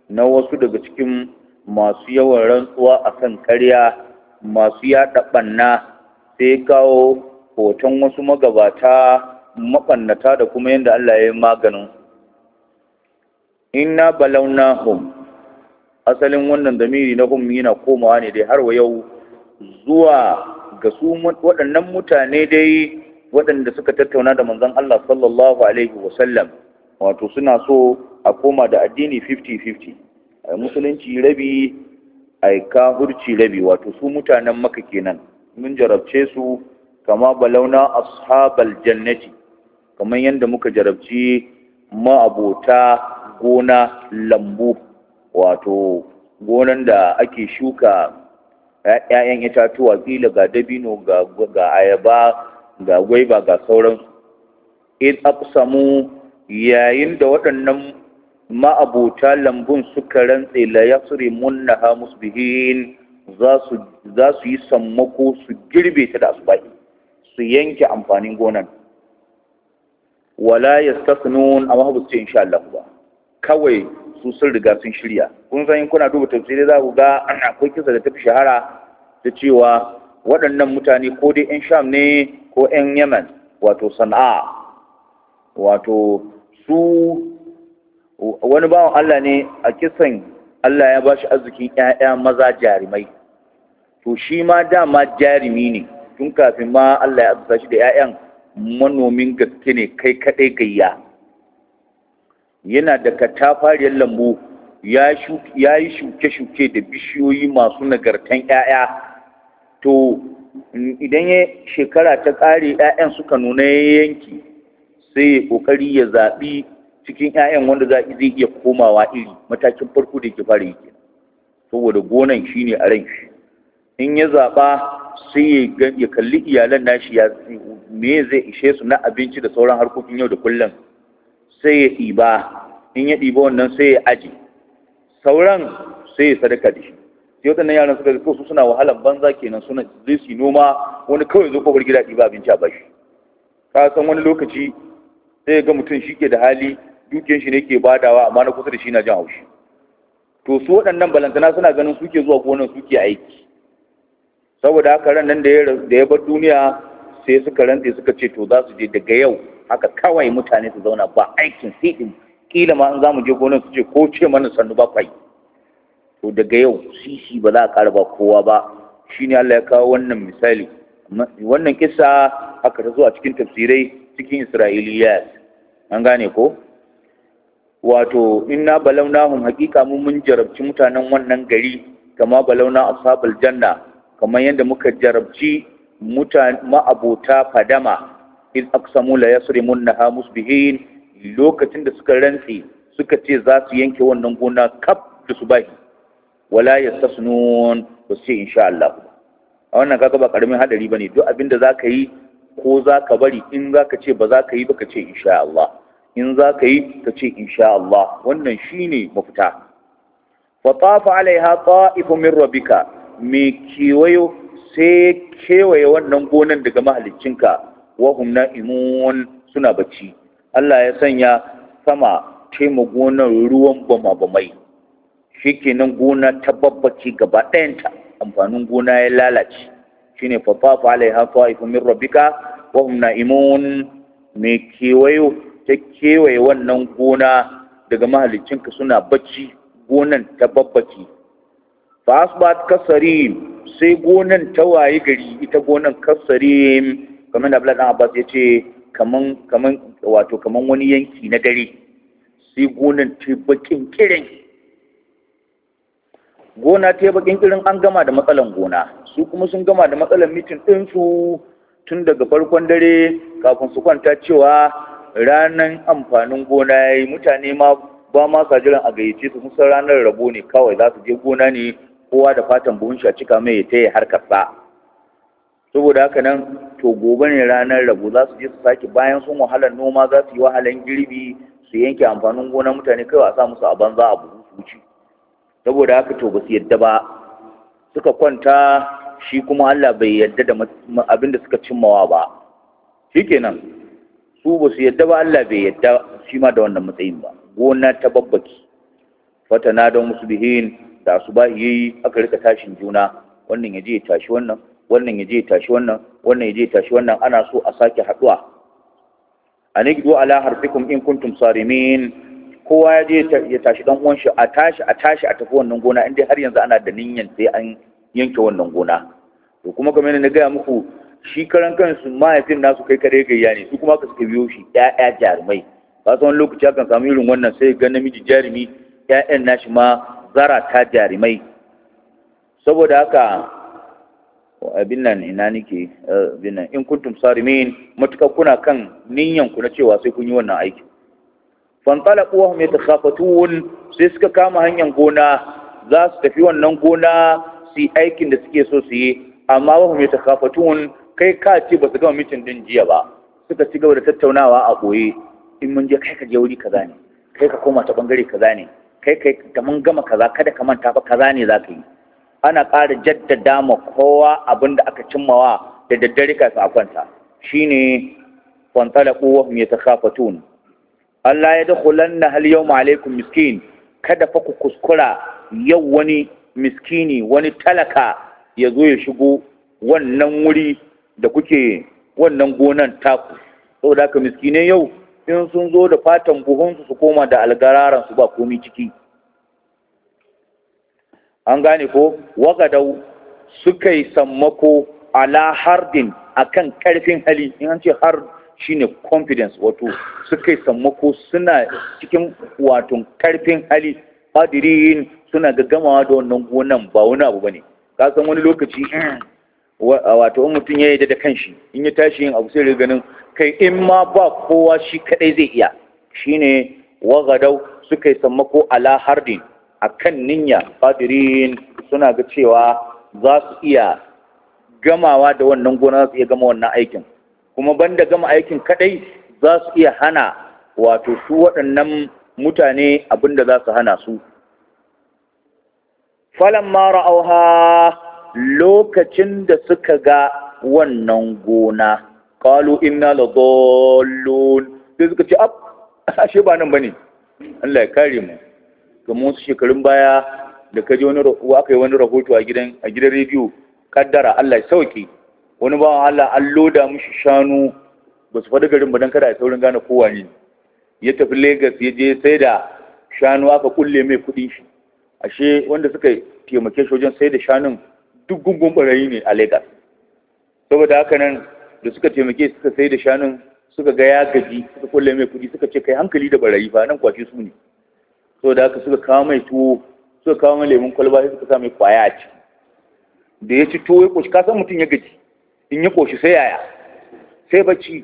na wasu daga cikin masu yawan rantsuwa a kan karya masu yaɗa ɓanna sai kawo hoton wasu magabata maɓannata da kuma yadda Allah ya yi maganin inna balawnahum asalin wannan damiri na hum yana komawa ne dai har wa yau zuwa ga su waɗannan mutane dai waɗanda suka tattauna da manzon Allah sallallahu alaihi wasallam wato suna so a koma da addini 50-50 a musulunci rabi a kahurci rabi wato su mutanen maka kenan mun jarabce su kama balauna ashabal jannati kamar yadda muka jarabci ma'abota gona lambu wato gonan da ake shuka ‘ya'yan itatuwa kila ga dabino ga ayaba ga gwaiba ga sauransu in aqsamu yayin da waɗannan ma'abota lambun suka rantse la yasri munnaha musbihin za su yi sammako su girbe ta da asubahi su yanke amfanin gonan wala yastasnun amma a su ce insha Allah ba kawai su sun riga sun shirya kun san in kuna duba tafsirai za ku ga akwai kisa da tafi shahara Da cewa waɗannan mutane ko dai 'yan sham ne ko 'yan yaman wato sana'a wato su wani bawan Allah ne a kisan Allah ya ba shi arzikin 'ya'ya maza jarumai to shi ma dama jarumi ne tun kafin ma Allah ya arzuta da 'ya'yan manomin gaske ne kai kaɗai gayya yana da katafariyar lambu ya yi shuke-shuke da bishiyoyi masu nagartan 'ya'ya to idan ya shekara ta ƙare 'ya'yan suka nuna ya yanki sai ya ƙoƙari ya zaɓi cikin 'ya'yan wanda za zai iya komawa iri matakin farko da ke fara yi saboda gonan shi ne a ran shi in ya zaɓa sai ya kalli iyalan nashi ya me zai ishe su na abinci da sauran harkokin yau da kullum sai ya ɗiba in ya ɗiba wannan sai ya aji sauran sai ya sadaka da shi sai waɗannan yaran suka zai su suna wahalar banza kenan suna zai su noma wani kawai zo kofar gida ɗiba abinci a bashi ka san wani lokaci sai ga mutum shi ke da hali dukiyar shi ne ke badawa amma na kusa da shi na jin haushi to su waɗannan balantana suna ganin suke zuwa gonan suke aiki saboda haka ran nan da ya bar duniya sai suka rantse suka ce to za su je daga yau haka kawai mutane su zauna ba aikin sai kila ma an za mu je gonar su ce ko ce mana sannu ba kwai to daga yau sisi ba za a ƙara ba kowa ba shine Allah ya kawo wannan misali wannan kisa aka ta zo a cikin tafsirai cikin Isra'iliya an gane ko wato inna balawnahum haqiqa mun mun jarabci mutanen wannan gari kama balawna ashabul janna kamar yadda muka jarabci ma'abota fadama in aksamu la yasrimun naha musbihin lokacin da suka rantse suka ce za su yanke wannan gona kaf da subahi wala yastasnun ba su ce insha Allah a wannan kaga ba karamin hadari bane duk abin da zaka yi ko zaka bari in zaka ce ba zaka yi ba ka ce insha Allah in zaka yi ka ce insha Allah wannan shine mafita fa tafa alaiha ta'ifun min rabbika mai kewayo sai kewaye wannan gonan daga mahaliccinka wahum imun suna bacci Allah ya sanya sama taimu gonar ruwan bama bamai shikenan gona ta babbaki gaba ɗayanta amfanin gona ya lalace shine fafafa alaiha fa'ifu min rabbika wahum imun mai kewayo ta kewaye wannan gona daga mahaliccinka suna bacci gonan ta babbaki. ba ta kasarim sai gonan ta waye gari ita gonan kasarim kamar da bladan Abbas ya ce kamar wato kaman wani yanki na dare sai gonan ta yi bakin kirin gona ta yi bakin kirin an gama da matsalan gona su kuma sun gama da matsalan mitin ɗinsu tun daga farkon dare kafin su kwanta cewa ranar amfanin gona ya yi mutane ma ba ma sa jiran a gayyace su musan ranar rabo ne kawai za su je gona ne kowa da fatan buhun shi a cika mai ya taya harkar sa saboda haka nan to gobe ne ranar rabu za su je su sake bayan sun wahalar noma za su yi wahalar girbi su yanke amfanin gonar mutane kai a sa musu a banza a buhu su wuce saboda haka to ba su yadda ba suka kwanta shi kuma Allah bai yadda da abin da suka cimmawa ba shikenan su ba su yadda ba Allah bai yadda shi ma da wannan matsayin ba gona ta babbaki fatana don musu bihin da ya yi aka rika tashin juna wannan ya je ya tashi wannan wannan ya je ya tashi wannan wannan ya je ya tashi wannan ana so a sake haduwa anigdu ala harfikum in kuntum sarimin kowa ya je ya tashi dan uwan shi a tashi a tashi a tafi wannan gona inda har yanzu ana da niyyar sai an yanke wannan gona to kuma kamar yadda na gaya muku shi karan kansu mahaifin nasu kai kare gayya ne su kuma aka suka biyo shi Ƴaƴa jarumai ba wani lokaci akan samu irin wannan sai ga namiji jarumi ƴaƴan nashi ma ta jarimai saboda haka abin nan ina nike abin nan in kuntum sarimin matukar kuna kan niyan ku na cewa sai kun yi wannan aiki talaqu wa hum yatakhafatun sai suka kama hanyar gona za su tafi wannan gona su aikin da suke so su yi amma wa hum yatakhafatun kai ka ce ba su gama mitin din jiya ba suka ci gaba da tattaunawa a goye in mun je kai ka je wuri kaza ne kai ka koma ta bangare kaza ne kai kai da mun gama kaza kada ka manta ba kaza ne za ka yi ana ƙara jaddada ma kowa abin da aka cimmawa da daddare kafin a kwanta shine kwantala kowa mai ta Allah ya dakhulan hal yau alaikum miskin kada fa ku kuskura yau wani miskini wani talaka ya zo ya shigo wannan wuri da kuke wannan gonan taku saboda ka miskinai yau in sun zo da fatan buhunsu su koma da algararan su ba komi ciki an gane ko wagadau suka yi sammako ala hardin akan karfin hali in an ce har shine confidence wato suka yi sammako suna cikin wato karfin hali Fadirin suna gaggamawa da wannan gonan ba wani abu bane ka san wani lokaci <clears throat> wato in mutum ya yi da kanshi in ya tashi yin abu sai ganin kai in ma ba kowa shi kadai zai iya shine wagadau suka yi sammako ala a kan ninya fadirin suna ga cewa za su iya gamawa da wannan gona za su iya gama wannan aikin kuma banda gama aikin kadai za su iya hana wato su waɗannan mutane abinda za su hana su Falon mara auha lokacin da suka ga wannan gona qalu inna ladallun sai suka ce ab ashe ba nan bane Allah ya kare mu kamar wasu shekarun baya da kaje wani aka yi wani rahoto a gidan rediyo kaddara Allah ya sauke wani bawan Allah an loda mishi shanu ba su faɗi garin ba don kada ya saurin gane kowa ne ya tafi Legas ya je sai da shanu aka kulle mai kuɗin shi ashe wanda suka taimake shi wajen sai da shanun duk gungun ɓarayi ne a Legas saboda haka nan da suka taimake suka sai da shanun suka ga ya gaji suka kulle mai kuɗi suka ce kai hankali da barayi ba nan kwace su ne so da haka suka kawo mai tuwo suka kawo mai lemun kwalba sai suka sa mai kwaya a ciki da ya ci tuwo ya koshi ka san mutum ya gaji in ya koshi sai yaya sai bacci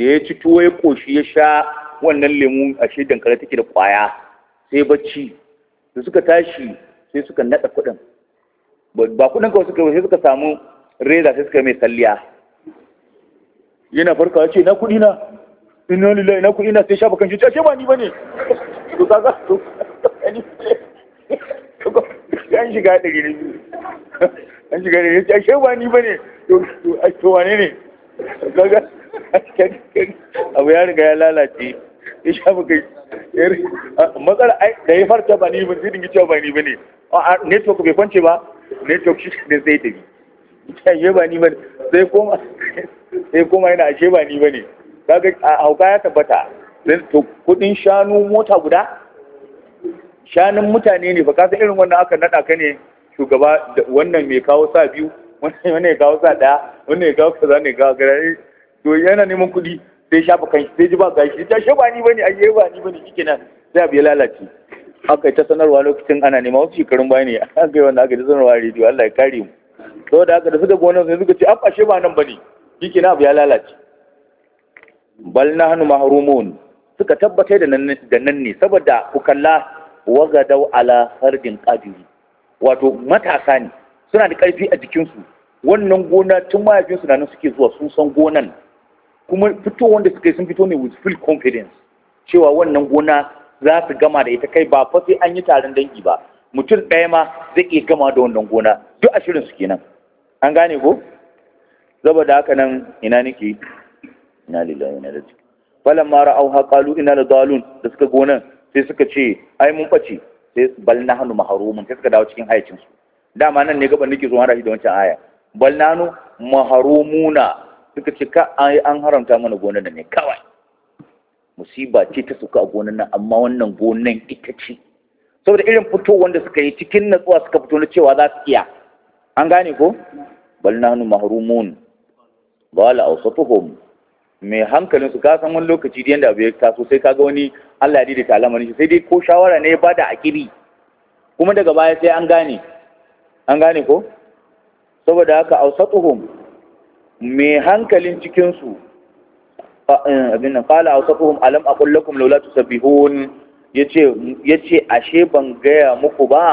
da ya ci tuwo ya koshi ya sha wannan a ashe dankali take da kwaya sai bacci da suka tashi sai suka naɗa kuɗin ba kuɗin kawai suka sai suka samu reza sai suka mai salliya yana farkawa ce na kuɗi na ina lillahi na kuɗi na sai shafa kanshi ce ba ni bane to kaga to an shiga dare ne an shiga dare ce ce ba ni bane to wane ne kaga abu ya riga ya lalace ya shafa kai matsala da ya farta ba ni ba zai dinga cewa ba ni bane ne network bai kwance ba network shi ne zai tafi ya ba ni ba sai koma sai kuma yana ashe ba ni bane kaga hauka ya tabbata kudin shanu mota guda shanun mutane ne ba kasa irin wannan aka nada ka ne shugaba wannan mai kawo sa biyu wannan ya kawo sa daya wannan ya kawo kaza ne kawo gara eh, to yana neman kudi sai shafa kan sai ji ba gashi ta shi ba ni bane ashe ba ni bane shikenan sai abu ya lalace aka yi ta sanarwa lokacin ana neman wasu shekarun baya ne aka yi wanda aka yi ta sanarwa a rediyo Allah ya kare mu saboda haka da suka gona sai suka ce an ashe ba nan ba ne. shi abu ya lalace bal na hannu maharumun suka tabbatar da nan ne saboda ga wagadau ala harbin ƙadiri wato matasa ne suna da ƙarfi a jikinsu wannan gona tun mahaifinsu na nan suke zuwa sun san gonan kuma fito wanda suka yi sun fito ne with full confidence cewa wannan gona za su gama da ita kai ba fa sai an yi taron dangi ba mutum ɗaya ma zai iya gama da wannan gona duk ashirin su kenan an gane ko saboda haka nan ina nake ina lillahi ina da ciki falan mara ha haƙalu ina da dalun da suka gonan sai suka ce ai mun ɓace sai bal na hannu maharumun sai suka dawo cikin hayacinsu dama nan ne gaban nake zuwa rashi da wancan aya bal na hannu maharumuna suka ce ka an haramta mana gonan nan ne kawai musiba ce ta sauka a gonan nan amma wannan gonan ita ce saboda irin fito wanda suka yi cikin natsuwa suka fito na cewa za su iya an gane ko bal na hannu mahrumun ba la awsatuhum mai hankalin su ka san wani lokaci da yanda abu ya taso sai kaga wani Allah ya daidaita al'amarin shi sai dai ko shawara ne ba da akiri kuma daga baya sai an gane an gane ko saboda haka awsatuhum mai hankalin cikin su eh, abin nan qala awsatuhum alam aqul lakum laula tusabbihun yace yace ashe ban gaya muku ba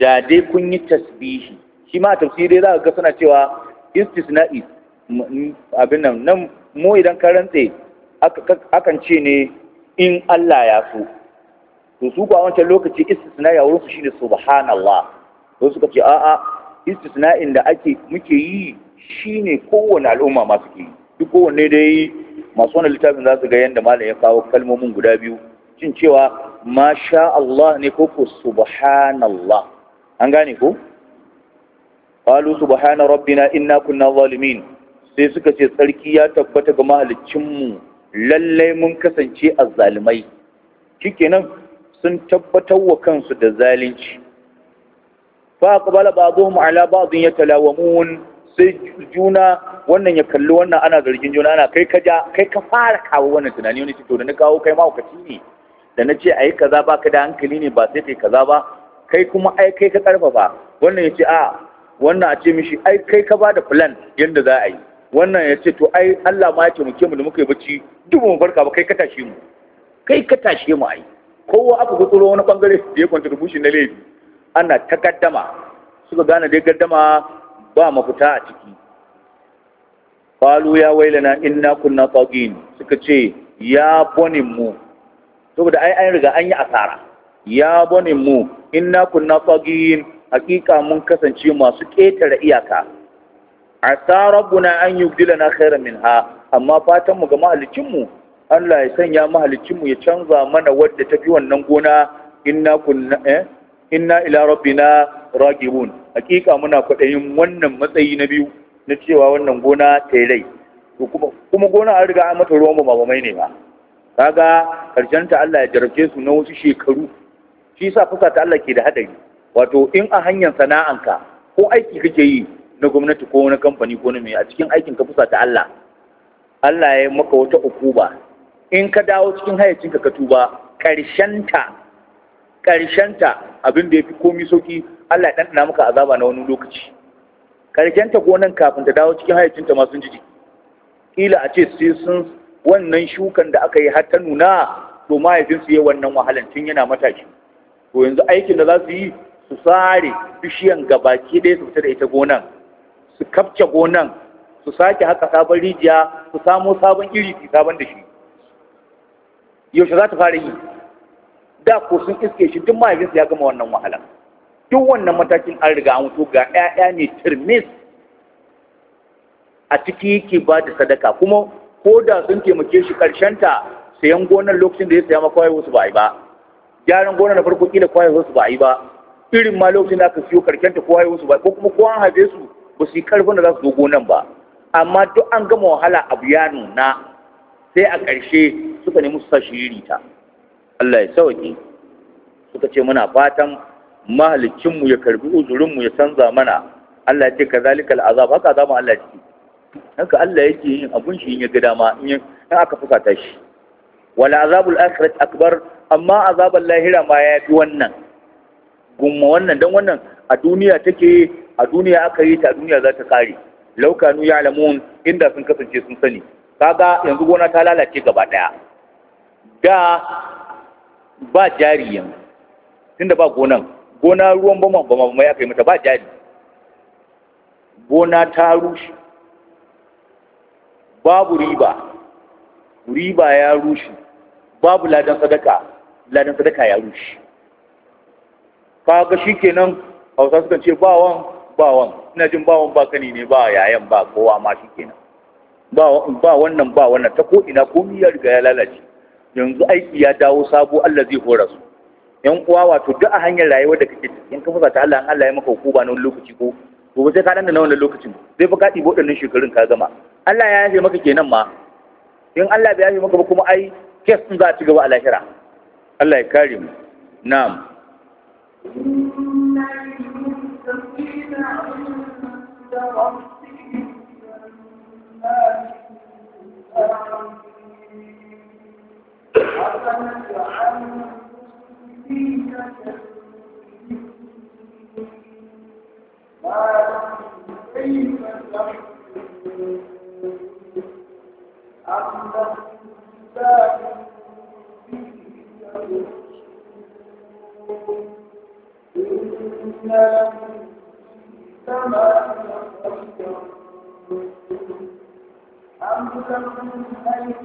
da dai kun yi tasbihi shi ma tafsirai za ka ga suna cewa istisna'i abin nan nan mu idan ka rantse akan ce ne in Allah ya so to su ba wancan lokaci istisna'i a wurin su shine subhanallah to suka ce a'a istisna'in da ake muke yi shine kowanne al'umma ma suke yi duk kowanne dai masu wannan littafin za su ga yadda malam ya kawo kalmomin guda biyu cin cewa masha Allah ne ko ko subhanallah an gane ko qalu subhana rabbina na kunna zalimin sai suka ce tsarki ya tabbata ga mahaliccinmu lallai mun kasance a azzalimai shikenan sun tabbatar wa kansu da zalunci fa aqbala ba'dhum ala ba'dhin yatalawamun sai juna wannan ya kalli wannan ana zargin juna ana kai ka ja kai ka fara kawo wannan tunani wani to da na kawo kai ma ne da na ce ayi kaza ba ka da hankali ne ba sai kai kaza ba kai kuma ai kai ka karfafa wannan ya ce a wannan a ce mishi ai kai ka ba da plan yadda za a yi wannan ya ce to ai Allah ma ya ce mu da muka yi bacci duk mu barka ba kai ka tashe mu kai ka tashe mu ai kowa aka tsoro wani bangare da ya contribution na laifi ana ta gaddama suka gane dai gaddama ba mafita a ciki qalu ya wailana inna kunna taqin suka ce ya bonin mu saboda ai an riga an yi asara ya bonin mu inna kunna taqin hakika mun kasance masu ƙetare iyaka asa rabbuna an yubdilana khairan minha amma fatan mu ga mahalicin mu Allah ya sanya mahalicin mu ya canza mana wadda tafi wannan gona inna kunna eh, inna ila rabbina ragibun hakika muna kwadayin wannan matsayi na biyu na cewa wannan gona ta yi rai kuma gona an riga an mata ruwan babamai ne ba kaga karshen ta Allah ya jarabce su na wasu shekaru shi yasa fasa ta Allah ke da haɗari? wato in a hanyar sana'anka ko aiki kake yi na gwamnati ko na kamfani ko na mai a cikin aikin ka fusa ta Allah Allah ya maka wata ukuba in ka dawo cikin hayyacinka ka tuba ƙarshenta ƙarshenta abin da yafi fi komi sauki Allah ya ɗanɗana maka azaba na wani lokaci ko gonan kafin ta dawo cikin hayyacinta masu jiji ƙila a ce sai sun wannan shukan da aka yi har ta nuna to mahaifinsu ya wannan wahalan tun yana mataki. to yanzu aikin da za su yi su sare bishiyan gabaki ɗaya su fita da ita gonan su kafce gonan su sake haka sabon rijiya su samo sabon iri su sabon da shi yaushe za ta fara yi da ko sun iske shi duk mahaifinsa ya gama wannan wahala duk wannan matakin an riga an ga 'ya'ya ne turmis a ciki yake ba da sadaka kuma ko da sun taimake shi ta sayan gonar lokacin da ya saya ma kwaye su ba a yi ba gyaran gonar da farko kila kwaye su ba a yi ba irin ma lokacin da aka siyo karkenta ko haihuwar su ba ko kuma ko an haife su ba su yi karfin da za su zo gonan ba amma duk an gama wahala abu ya nuna sai a ƙarshe suka nemi su sashi shiriri ta Allah ya sauke suka ce muna fatan mahalicinmu ya karbi uzurinmu ya canza mana Allah ya ce zalika al'azab haka mu Allah ya ce haka Allah yake yin abun shi in ya ga dama in aka fusata shi wala azabul akhirat akbar amma azabul lahira ma fi wannan gumma wannan dan wannan a duniya take a duniya aka yi ta a duniya za ta kare laukanu ya alamun inda sun kasance sun sani kaga yanzu gona ta lalace gaba daya da ba jari yanzu tunda ba gonan gona ruwan bama bama bama ya kai mata ba jari gona ta rushe babu riba riba ya rushe babu ladan sadaka ladan sadaka ya rushe kaga shikenan hausa suka ce bawan bawan ina jin bawan ba kani ne ba yayan ba kowa ma shikenan ba wannan ba wannan ta ko ina komai ya riga ya lalace yanzu aiki ya dawo sabo Allah zai hore su yan uwa wato duk a hanyar rayuwar da kake in ka fusa ta Allah an Allah ya maka hukuma na wani lokaci ko gobe sai ka dan na wannan lokacin zai fa kadi bodan nan shekarun ka gama Allah ya yafe maka kenan ma in Allah bai yafe maka ba kuma ai kes din za a ci gaba a lahira Allah ya kare mu na'am إن للمتقين عند ربهم جنات أفنجعل المسلمين ما لهم كيف تحكمون أم لهم كتاب فيه يرشدون إنا كما أم لكم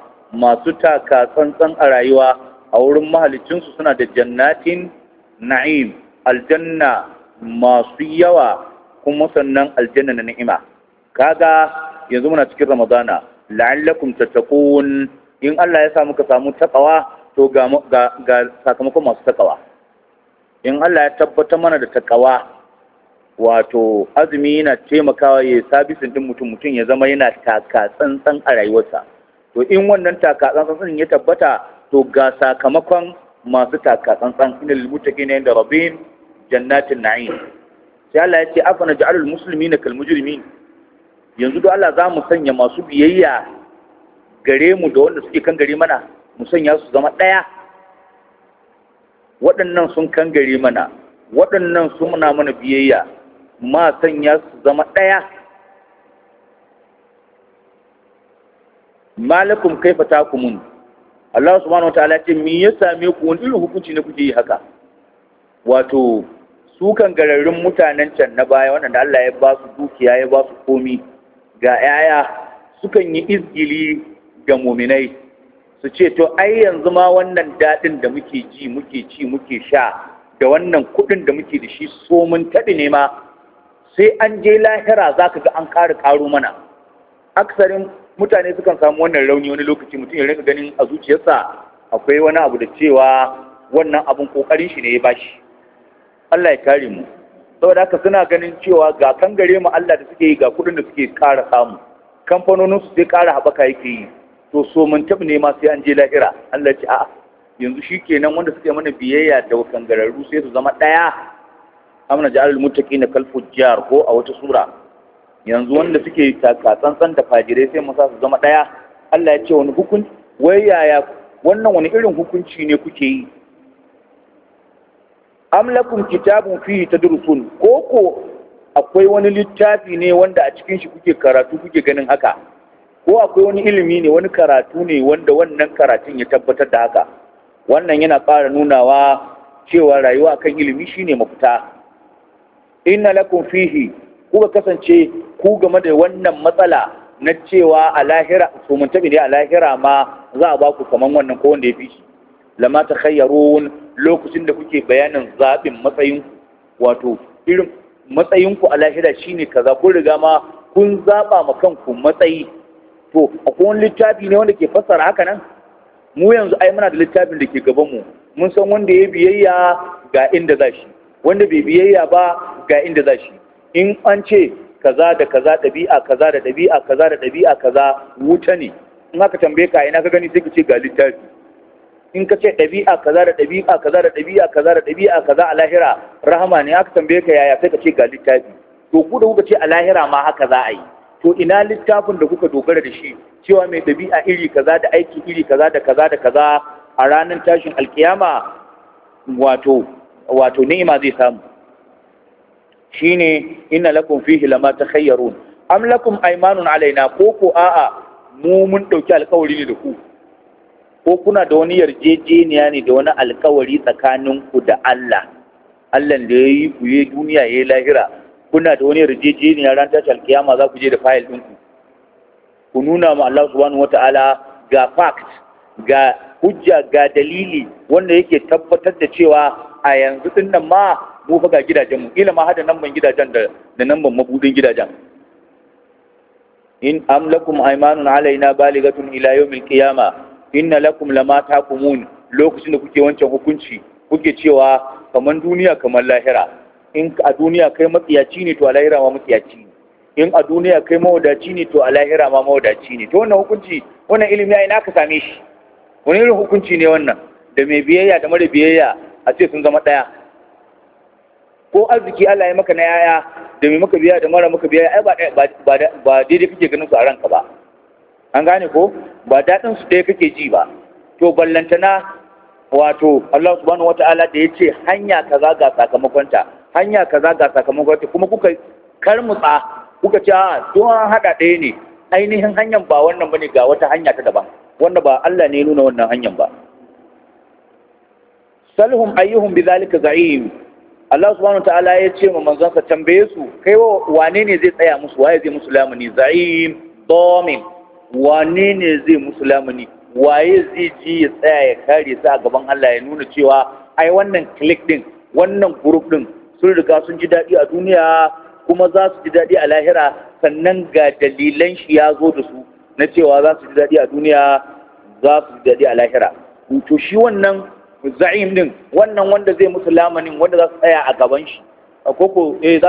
masu taka tsantsan a rayuwa a wurin mahalicinsu suna da jannatin na'im aljanna masu yawa kuma sannan aljanna na ni'ima kaga yanzu muna cikin ramadana la'allakum tattaqun in Allah ya sa muka samu takawa to ga sakamakon masu takawa in Allah ya tabbatar mana da takawa wato azumi yana taimakawa ya sabisin din mutum mutum ya zama yana taka tsantsan a rayuwarsa to in wannan takatsantsan sun ya tabbata to ga sakamakon masu takatsantsan ina lilmutaki gina da rabin jannatin na'im sai Allah ya ce afana ja'alul musulmi na kalmujirmi yanzu da Allah za mu sanya masu biyayya gare mu da wanda suke kan gare mana mu sanya su zama ɗaya waɗannan sun kan gare mana waɗannan sun muna mana biyayya ma sanya su zama ɗaya malakum ku mun. Allah subhanahu ta'ala ce me ya same ku wani irin hukunci ne kuke yi haka wato su kan gararrun mutanen can na baya wanda Allah ya ba su dukiya ya ba su komi ga yaya sukan yi izgili ga muminai su ce to ai yanzu ma wannan daɗin da muke ji muke ci muke sha da wannan kuɗin da muke da shi so mun taɓi ne ma sai an je lahira za ka ga an ƙara karo mana aksarin mutane sukan samu wannan rauni wani lokaci mutum ya rinka ganin a zuciyarsa akwai wani abu da cewa wannan abun kokarin shi ne ya bashi Allah ya kare mu saboda haka suna ganin cewa ga kan gare mu Allah da suke yi ga kudin da suke kara samu kamfanonin su sai ƙara haɓaka yake yi to so mun tab ne ma sai an je lahira Allah ce a'a yanzu shikenan wanda suke mana biyayya da kangararru sai su zama ɗaya amna ja'alul muttaqina kal fujjar ko a wata sura yanzu wanda suke tsantsan da fajirai sai musa su zama ɗaya Allah ya ce wani hukunci wai yaya wannan wani irin hukunci ne kuke yi am lakum kitabun fihi tadrusun koko akwai wani littafi ne wanda a cikin shi kuke karatu kuke ganin haka ko akwai wani ilimi ne wani karatu ne wanda wannan karatun ya tabbatar da haka wannan yana ƙara nunawa cewa rayuwa kan ilimi shine mafita inna lakum fihi kuka kasance ku game da wannan matsala na cewa a lahira tabi ne a lahira ma za a ba ku kaman wannan ko wanda ya fi shi lama ta khayyarun lokacin da kuke bayanin zaɓin matsayinku wato irin matsayinku a lahira shine kaza kun riga ma kun zaɓa ma kanku matsayi to akwai wani littafi ne wanda ke fassara haka nan mu yanzu ai muna da littafin da ke gaban mu mun san wanda ya biyayya ga inda za shi wanda bai biyayya ba ga inda za shi in an ce kaza da kaza ɗabi'a kaza da ɗabi'a kaza da ɗabi'a kaza wuta ne in aka tambaye ka ina ka gani sai ka ce ga littafi in ka ce ɗabi'a kaza da ɗabi'a kaza da ɗabi'a kaza da ɗabi'a kaza a lahira rahama ne aka tambaye ka yaya sai ka ce ga littafi to ku da kuka ce a lahira ma haka za a yi to ina littafin da kuka dogara da shi cewa mai ɗabi'a iri kaza da aiki iri kaza da kaza da kaza a ranar tashin alkiyama wato wato ni'ima zai samu shine inna lakum fihi lama takhayyarun am lakum aymanun alaina ko ko a'a mu mun dauki alkawari ne da ku ko kuna da wani yarjejeniya ne da wani alkawari tsakanin ku da Allah Allah da ya yi ku yi duniya ya lahira kuna da wani yarjejeniya ran tashi alkiyama za ku je da fayil ɗinku? ku ku nuna ma Allah subhanahu wataala ga fact ga hujja ga dalili wanda yake tabbatar da cewa a yanzu din nan ma mu fa ga gidajenmu ila ma hada namban gidajen da da namban mabudin gidajen in am lakum aymanun alaina balighatun ila yawmil qiyama inna lakum lama taqumun lokacin da kuke wancan hukunci kuke cewa kaman duniya kaman lahira in a duniya kai matsiyaci ne to a lahira ma matsiyaci ne in a duniya kai mawadaci ne to a lahira ma mawadaci ne to wannan hukunci wannan ilimi ai naka same shi wani irin hukunci ne wannan da mai biyayya da mara biyayya a ce sun zama ɗaya ko arziki Allah ya maka na yaya da mai maka biya da mara maka biya ai ba daidai kake ganin su a ranka ba an gane ko ba daɗin su ɗaya kake ji ba to ballantana wato Allah subhanahu wata'ala da ya ce hanya kaza ga sakamakonta hanya kaza ga sakamakonta kuma kuka karmutsa kuka ce a to an haɗa ɗaya ne ainihin hanyar ba wannan bane ga wata hanya ta daban wanda ba Allah ne ya nuna wannan hanyar ba salhum ayyuhum bidhalika za'im Allah subhanahu ta'ala ya ce ma manzansa tambaye su kai wane ne zai tsaya musu waye zai musu lamuni za'im domin wane ne zai musu lamuni waye zai ji ya tsaya ya kare su a gaban Allah ya nuna cewa ai wannan click din wannan group din sun riga sun ji daɗi a duniya kuma za su ji daɗi a lahira sannan ga dalilan shi ya zo da su na cewa za su ji daɗi a duniya za su ji daɗi a lahira to shi wannan za'im din wannan wanda zai musu lamanin wanda za su tsaya a gaban shi koko eh,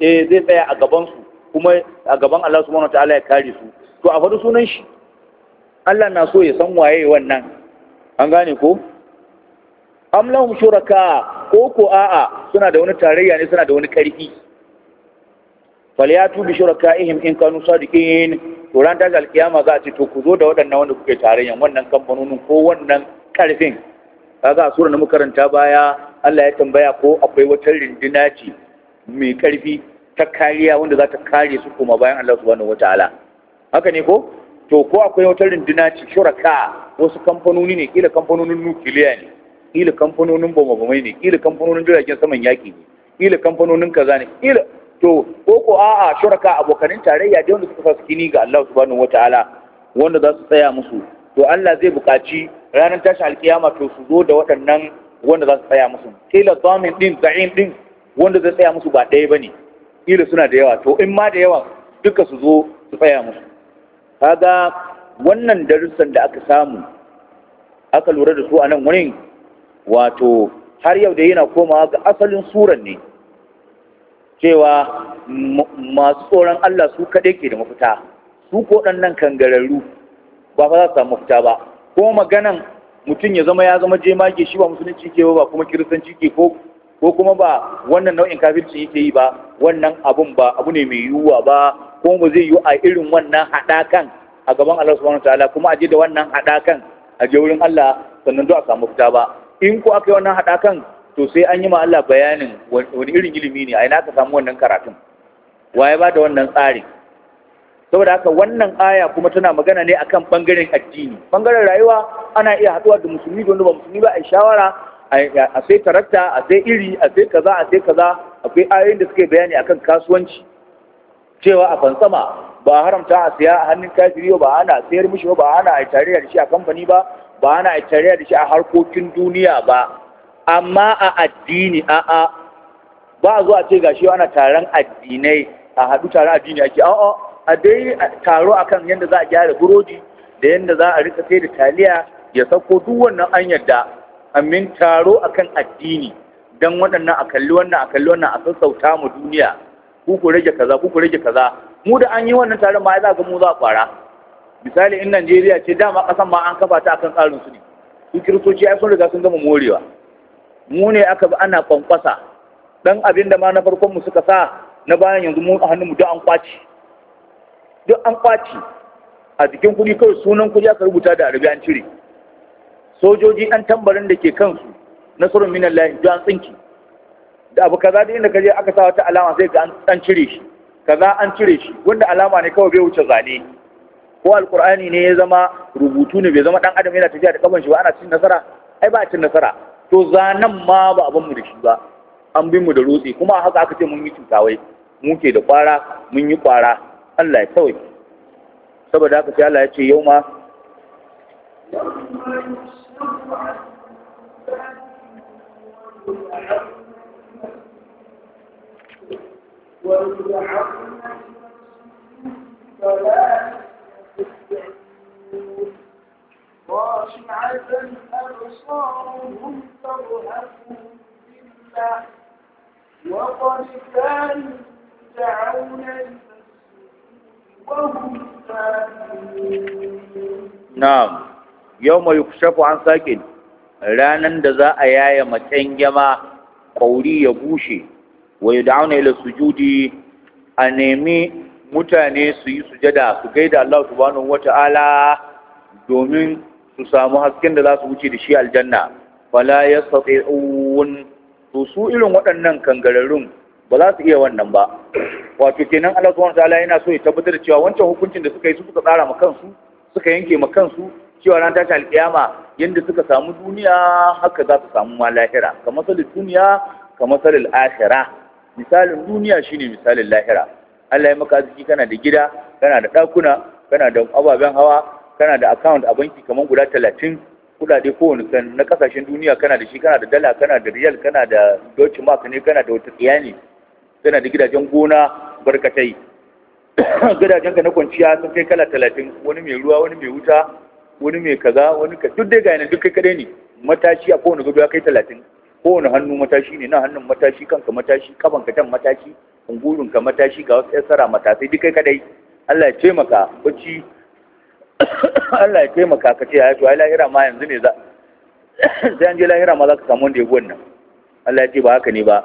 eh, zai tsaya a gaban su kuma a gaban Allah subhanahu wataala ya kare su to a faɗi sunan shi Allah na so ya san waye wannan an gane ko am shuraka koko a'a suna da wani tarayya ne suna da wani karfi falyatu bi shurakaihim in kanu sadiqin to ran daga alkiyama za a ce to ku zo da waɗannan wanda kuke tarayyan wannan kamfanonin ko wannan karfin kaga a sura na makaranta baya Allah ya tambaya ko akwai wata rinduna ce mai karfi ta kariya wanda za ta kare su kuma bayan Allah subhanahu wataala haka ne ko to ko akwai wata rinduna ce shuraka wasu kamfanoni ne kila kamfanonin nukiliya ne kila kamfanonin bamabamai ne kila kamfanonin jiragen saman yaki ne kila kamfanonin kaza ne kila to ko ko a'a shuraka abokanin tarayya da wanda suka sa kini ga Allah subhanahu wataala wanda za su tsaya musu to Allah zai buƙaci ranar tashi alkiyama to su zo da waɗannan wanda za su tsaya musu kila zamin din za'in din wanda zai tsaya musu ba ɗaya ba ne kila suna da yawa to in ma da yawa duka su zo su tsaya musu kaga wannan darussan da aka samu aka lura da su a nan wurin wato har yau da yana komawa ga asalin suran ne cewa masu tsoron Allah su kaɗai ke da mafita su ko ɗannan kangararru ba fa za su samu mafita ba ko maganan mutum ya zama ya zama jemage shi ba musulunci ke ba kuma kiristanci ke ko ko kuma ba wannan nau'in kafirci yake yi ba wannan abun ba abu ne mai yiwuwa ba ko ba zai yi a irin wannan haɗakan a gaban Allah subhanahu wataala kuma a je da wannan haɗakan a je wurin Allah sannan do a samu fita ba in ko aka yi wannan haɗakan to sai an yi ma Allah bayanin wani irin ilimi ne a ina aka samu wannan karatun waye ba da wannan tsarin saboda haka wannan aya kuma tana magana ne akan bangaren addini bangaren rayuwa ana iya haduwa da musulmi da wanda ba musulmi ba a shawara a sai tarakta a sai iri a sai kaza a sai kaza akwai ayoyin da suke bayani akan kasuwanci cewa a fansama ba haramta a siya a hannun kafiri ba ana sayar mishi ba ana a tarayya da shi a kamfani ba ba ana a tarayya da shi a harkokin duniya ba amma a addini a'a ba a zuwa ce gashi ana taron addinai a haɗu taron addini ake a'a a dai taro akan yadda za a gyara burodi da yadda za a rika sai da taliya ya sako duk wannan an yadda amin taro akan addini Don waɗannan a kalli wannan a kalli wannan a sassauta mu duniya ku rage kaza ku rage kaza mu da an yi wannan taron ma za ga mu za a fara misali in Najeriya ce dama kasan ma an kafa ta akan tsarin su ne su kiristoci ai sun riga sun gama morewa mu ne aka bi ana kwankwasa dan abin da ma na farkon mu suka sa na bayan yanzu mu a hannun mu duk an kwaci duk an kwaci a jikin kuɗi kawai sunan kuɗi aka rubuta da arabi an cire sojoji an tambarin da ke kansu nasarar minan layin ju an tsinki da abu kaza da inda kaje aka sawa ta alama sai ga an cire shi kaza an cire shi wanda alama ne kawai bai wuce zane ko alkur'ani ne ya zama rubutu ne bai zama dan adam yana tafiya da kafan shi ba ana cin nasara ai ba a cin nasara to zanen ma ba abin mu da shi ba an bi mu da rotsi kuma haka aka ce mun yi cutawai, mu ke da kwara mun yi kwara Allah ya kawai saboda haka sai Allah ya ce yau ma خاشعة وقد كانوا يدعون na'am yau mai kushafu an saƙin ranan da za a yaya macen gyama ƙauri ya bushe wa yi da'auna ila sujudi a nemi mutane su yi sujada su gaida Allah subhanahu wata'ala domin su samu hasken da za su wuce da shi aljanna fala yastati'un to su irin waɗannan kangararrun ba za su iya wannan ba wato kenan Allah subhanahu wataala yana so ya tabbatar da cewa wancan hukuncin da suka yi su suka tsara ma kansu suka yanke ma kansu cewa ran tashi alƙiyama yanda suka samu duniya haka za su samu ma lahira kamar salil duniya kamar salil akhirah misalin duniya shine misalin lahira Allah ya maka arziki kana da gida kana da ɗakuna kana da ababen hawa kana da account a banki kamar guda talatin kudade kowane kan na kasashen duniya kana da shi kana da dala kana da riyal kana da dochi mark ne kana da wata tsiya tana da gidajen gona barkatai <coughs> gidajen ka na kwanciya sun kai kala talatin wani mai ruwa wani mai wuta wani mai kaza wani ka duk dai gaya duk kai kadai ne matashi a kowane gado ya kai talatin kowane hannu matashi ne na hannun matashi kanka matashi kaban ka tan matashi ungurin ka matashi ga wasu 'yasara matasai duk kai kadai Allah ya taimaka bacci <coughs> Allah ya taimaka ka ce ya to ai lahira ma yanzu ne za <coughs> sai an je lahira ma za ka samu wanda ya gwanna Allah ya ce ba haka ne ba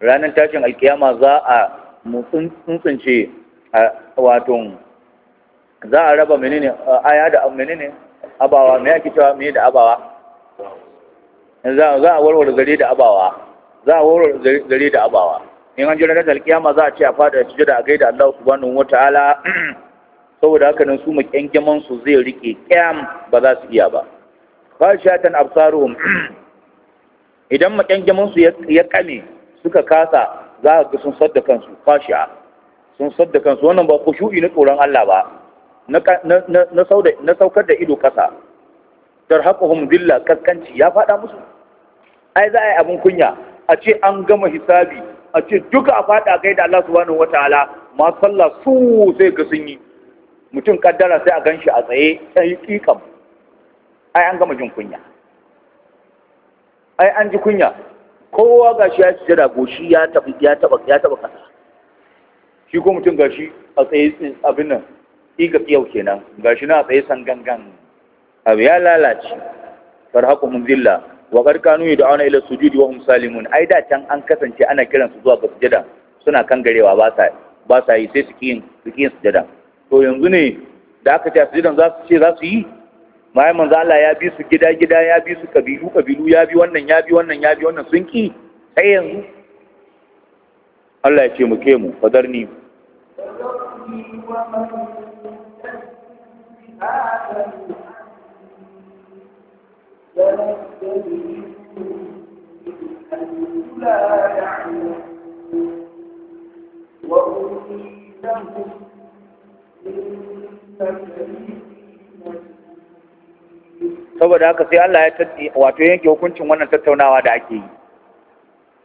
ranar tashin alkiyama za a tsuntsunce wato za a raba menene aya da menene abawa mai ake cewa mai da abawa za a warware gare da abawa za a warware gare da abawa in an jira ranar alkiyama za a ce a fada da a gaida Allah subhanahu ta'ala <clears throat> saboda haka nan su makyankyaman su zai rike kyam ba za su iya ba khashatan absaruhum <clears throat> idan makyankyaman su ya kame suka kasa za ga sun sadda kansu fashiya. sun sadda kansu wannan ba khushu'i na tsoron Allah ba na saukar da ido kasa tarhaquhum zilla kaskanci ya fada musu ai za a yi abin kunya a ce an gama hisabi a ce duka a fada kai da Allah subhanahu wataala ma sallah su sai ga sun yi mutum kaddara sai a ganshi a tsaye sai kikam ai an gama jin kunya ai an ji kunya kowa ga shi ya ci da goshi ya tafi ya taba ya taba kasa shi ko mutum gashi a tsaye abin nan ga yau kenan gashi na a tsaye san gangan abu ya lalace farhaqu zilla wa qad kanu yad'una ila sujudi wa hum salimun ai da can an kasance ana kiran su zuwa ga sujada suna kan garewa ba sa ba sa yi sai su kiyin su kiyin sujada to yanzu ne da aka ce sujudan za su ce za su yi bayan manzo Allah ya bi su gida gida ya bi su kabilu kabilu ya bi wannan ya bi wannan ya bi wannan sun ki sai yanzu Allah ya ce mu ke mu fadarni وأولي لهم من تكليف saboda haka sai Allah ya wato yanke hukuncin wannan tattaunawa da ake yi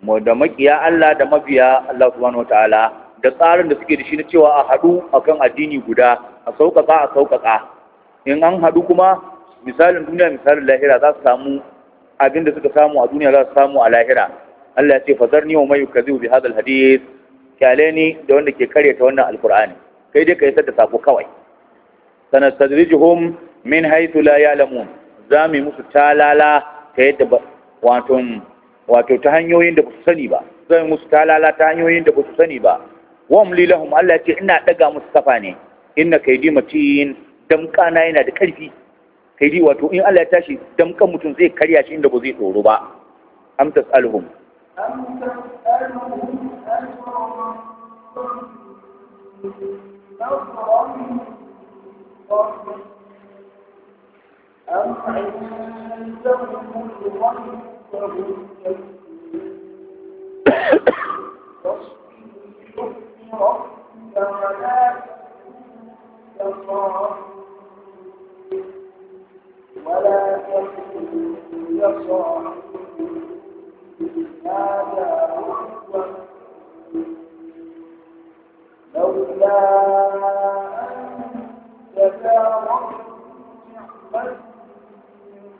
mu da makiya Allah da mabiya Allah subhanahu wataala da tsarin da suke da shi na cewa a haɗu akan addini guda a sauƙaƙa a sauƙaƙa in an haɗu kuma misalin duniya misalin lahira za su samu abin da suka samu a duniya za su samu a lahira Allah ya ce fazarni wa mai yukazibu bi hadal hadith kyale ni da wanda ke ta wannan alqur'ani kai dai ka isar da sako kawai sanastadrijuhum min haythu la ya'lamun za mu yi musu talala ta yadda ba wato ta hanyoyin da ba su sani ba zai musu talala ta hanyoyin da ba su sani ba wa amli lahum Allah ya ce ina daga musu kafa ne inna kaidi matin damka na yana da karfi kaidi wato in Allah ya tashi damkan mutum zai karya shi inda ba zai tsoro ba am tasaluhum Thank you. أم عندهم الغيب فهم يكفرون ربك ولا ولا تكن يصاحب هذا هو لولا أن تدارك نعمته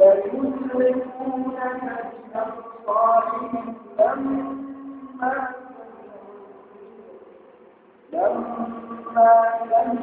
فيدركونك بأبصارهم لما لما لم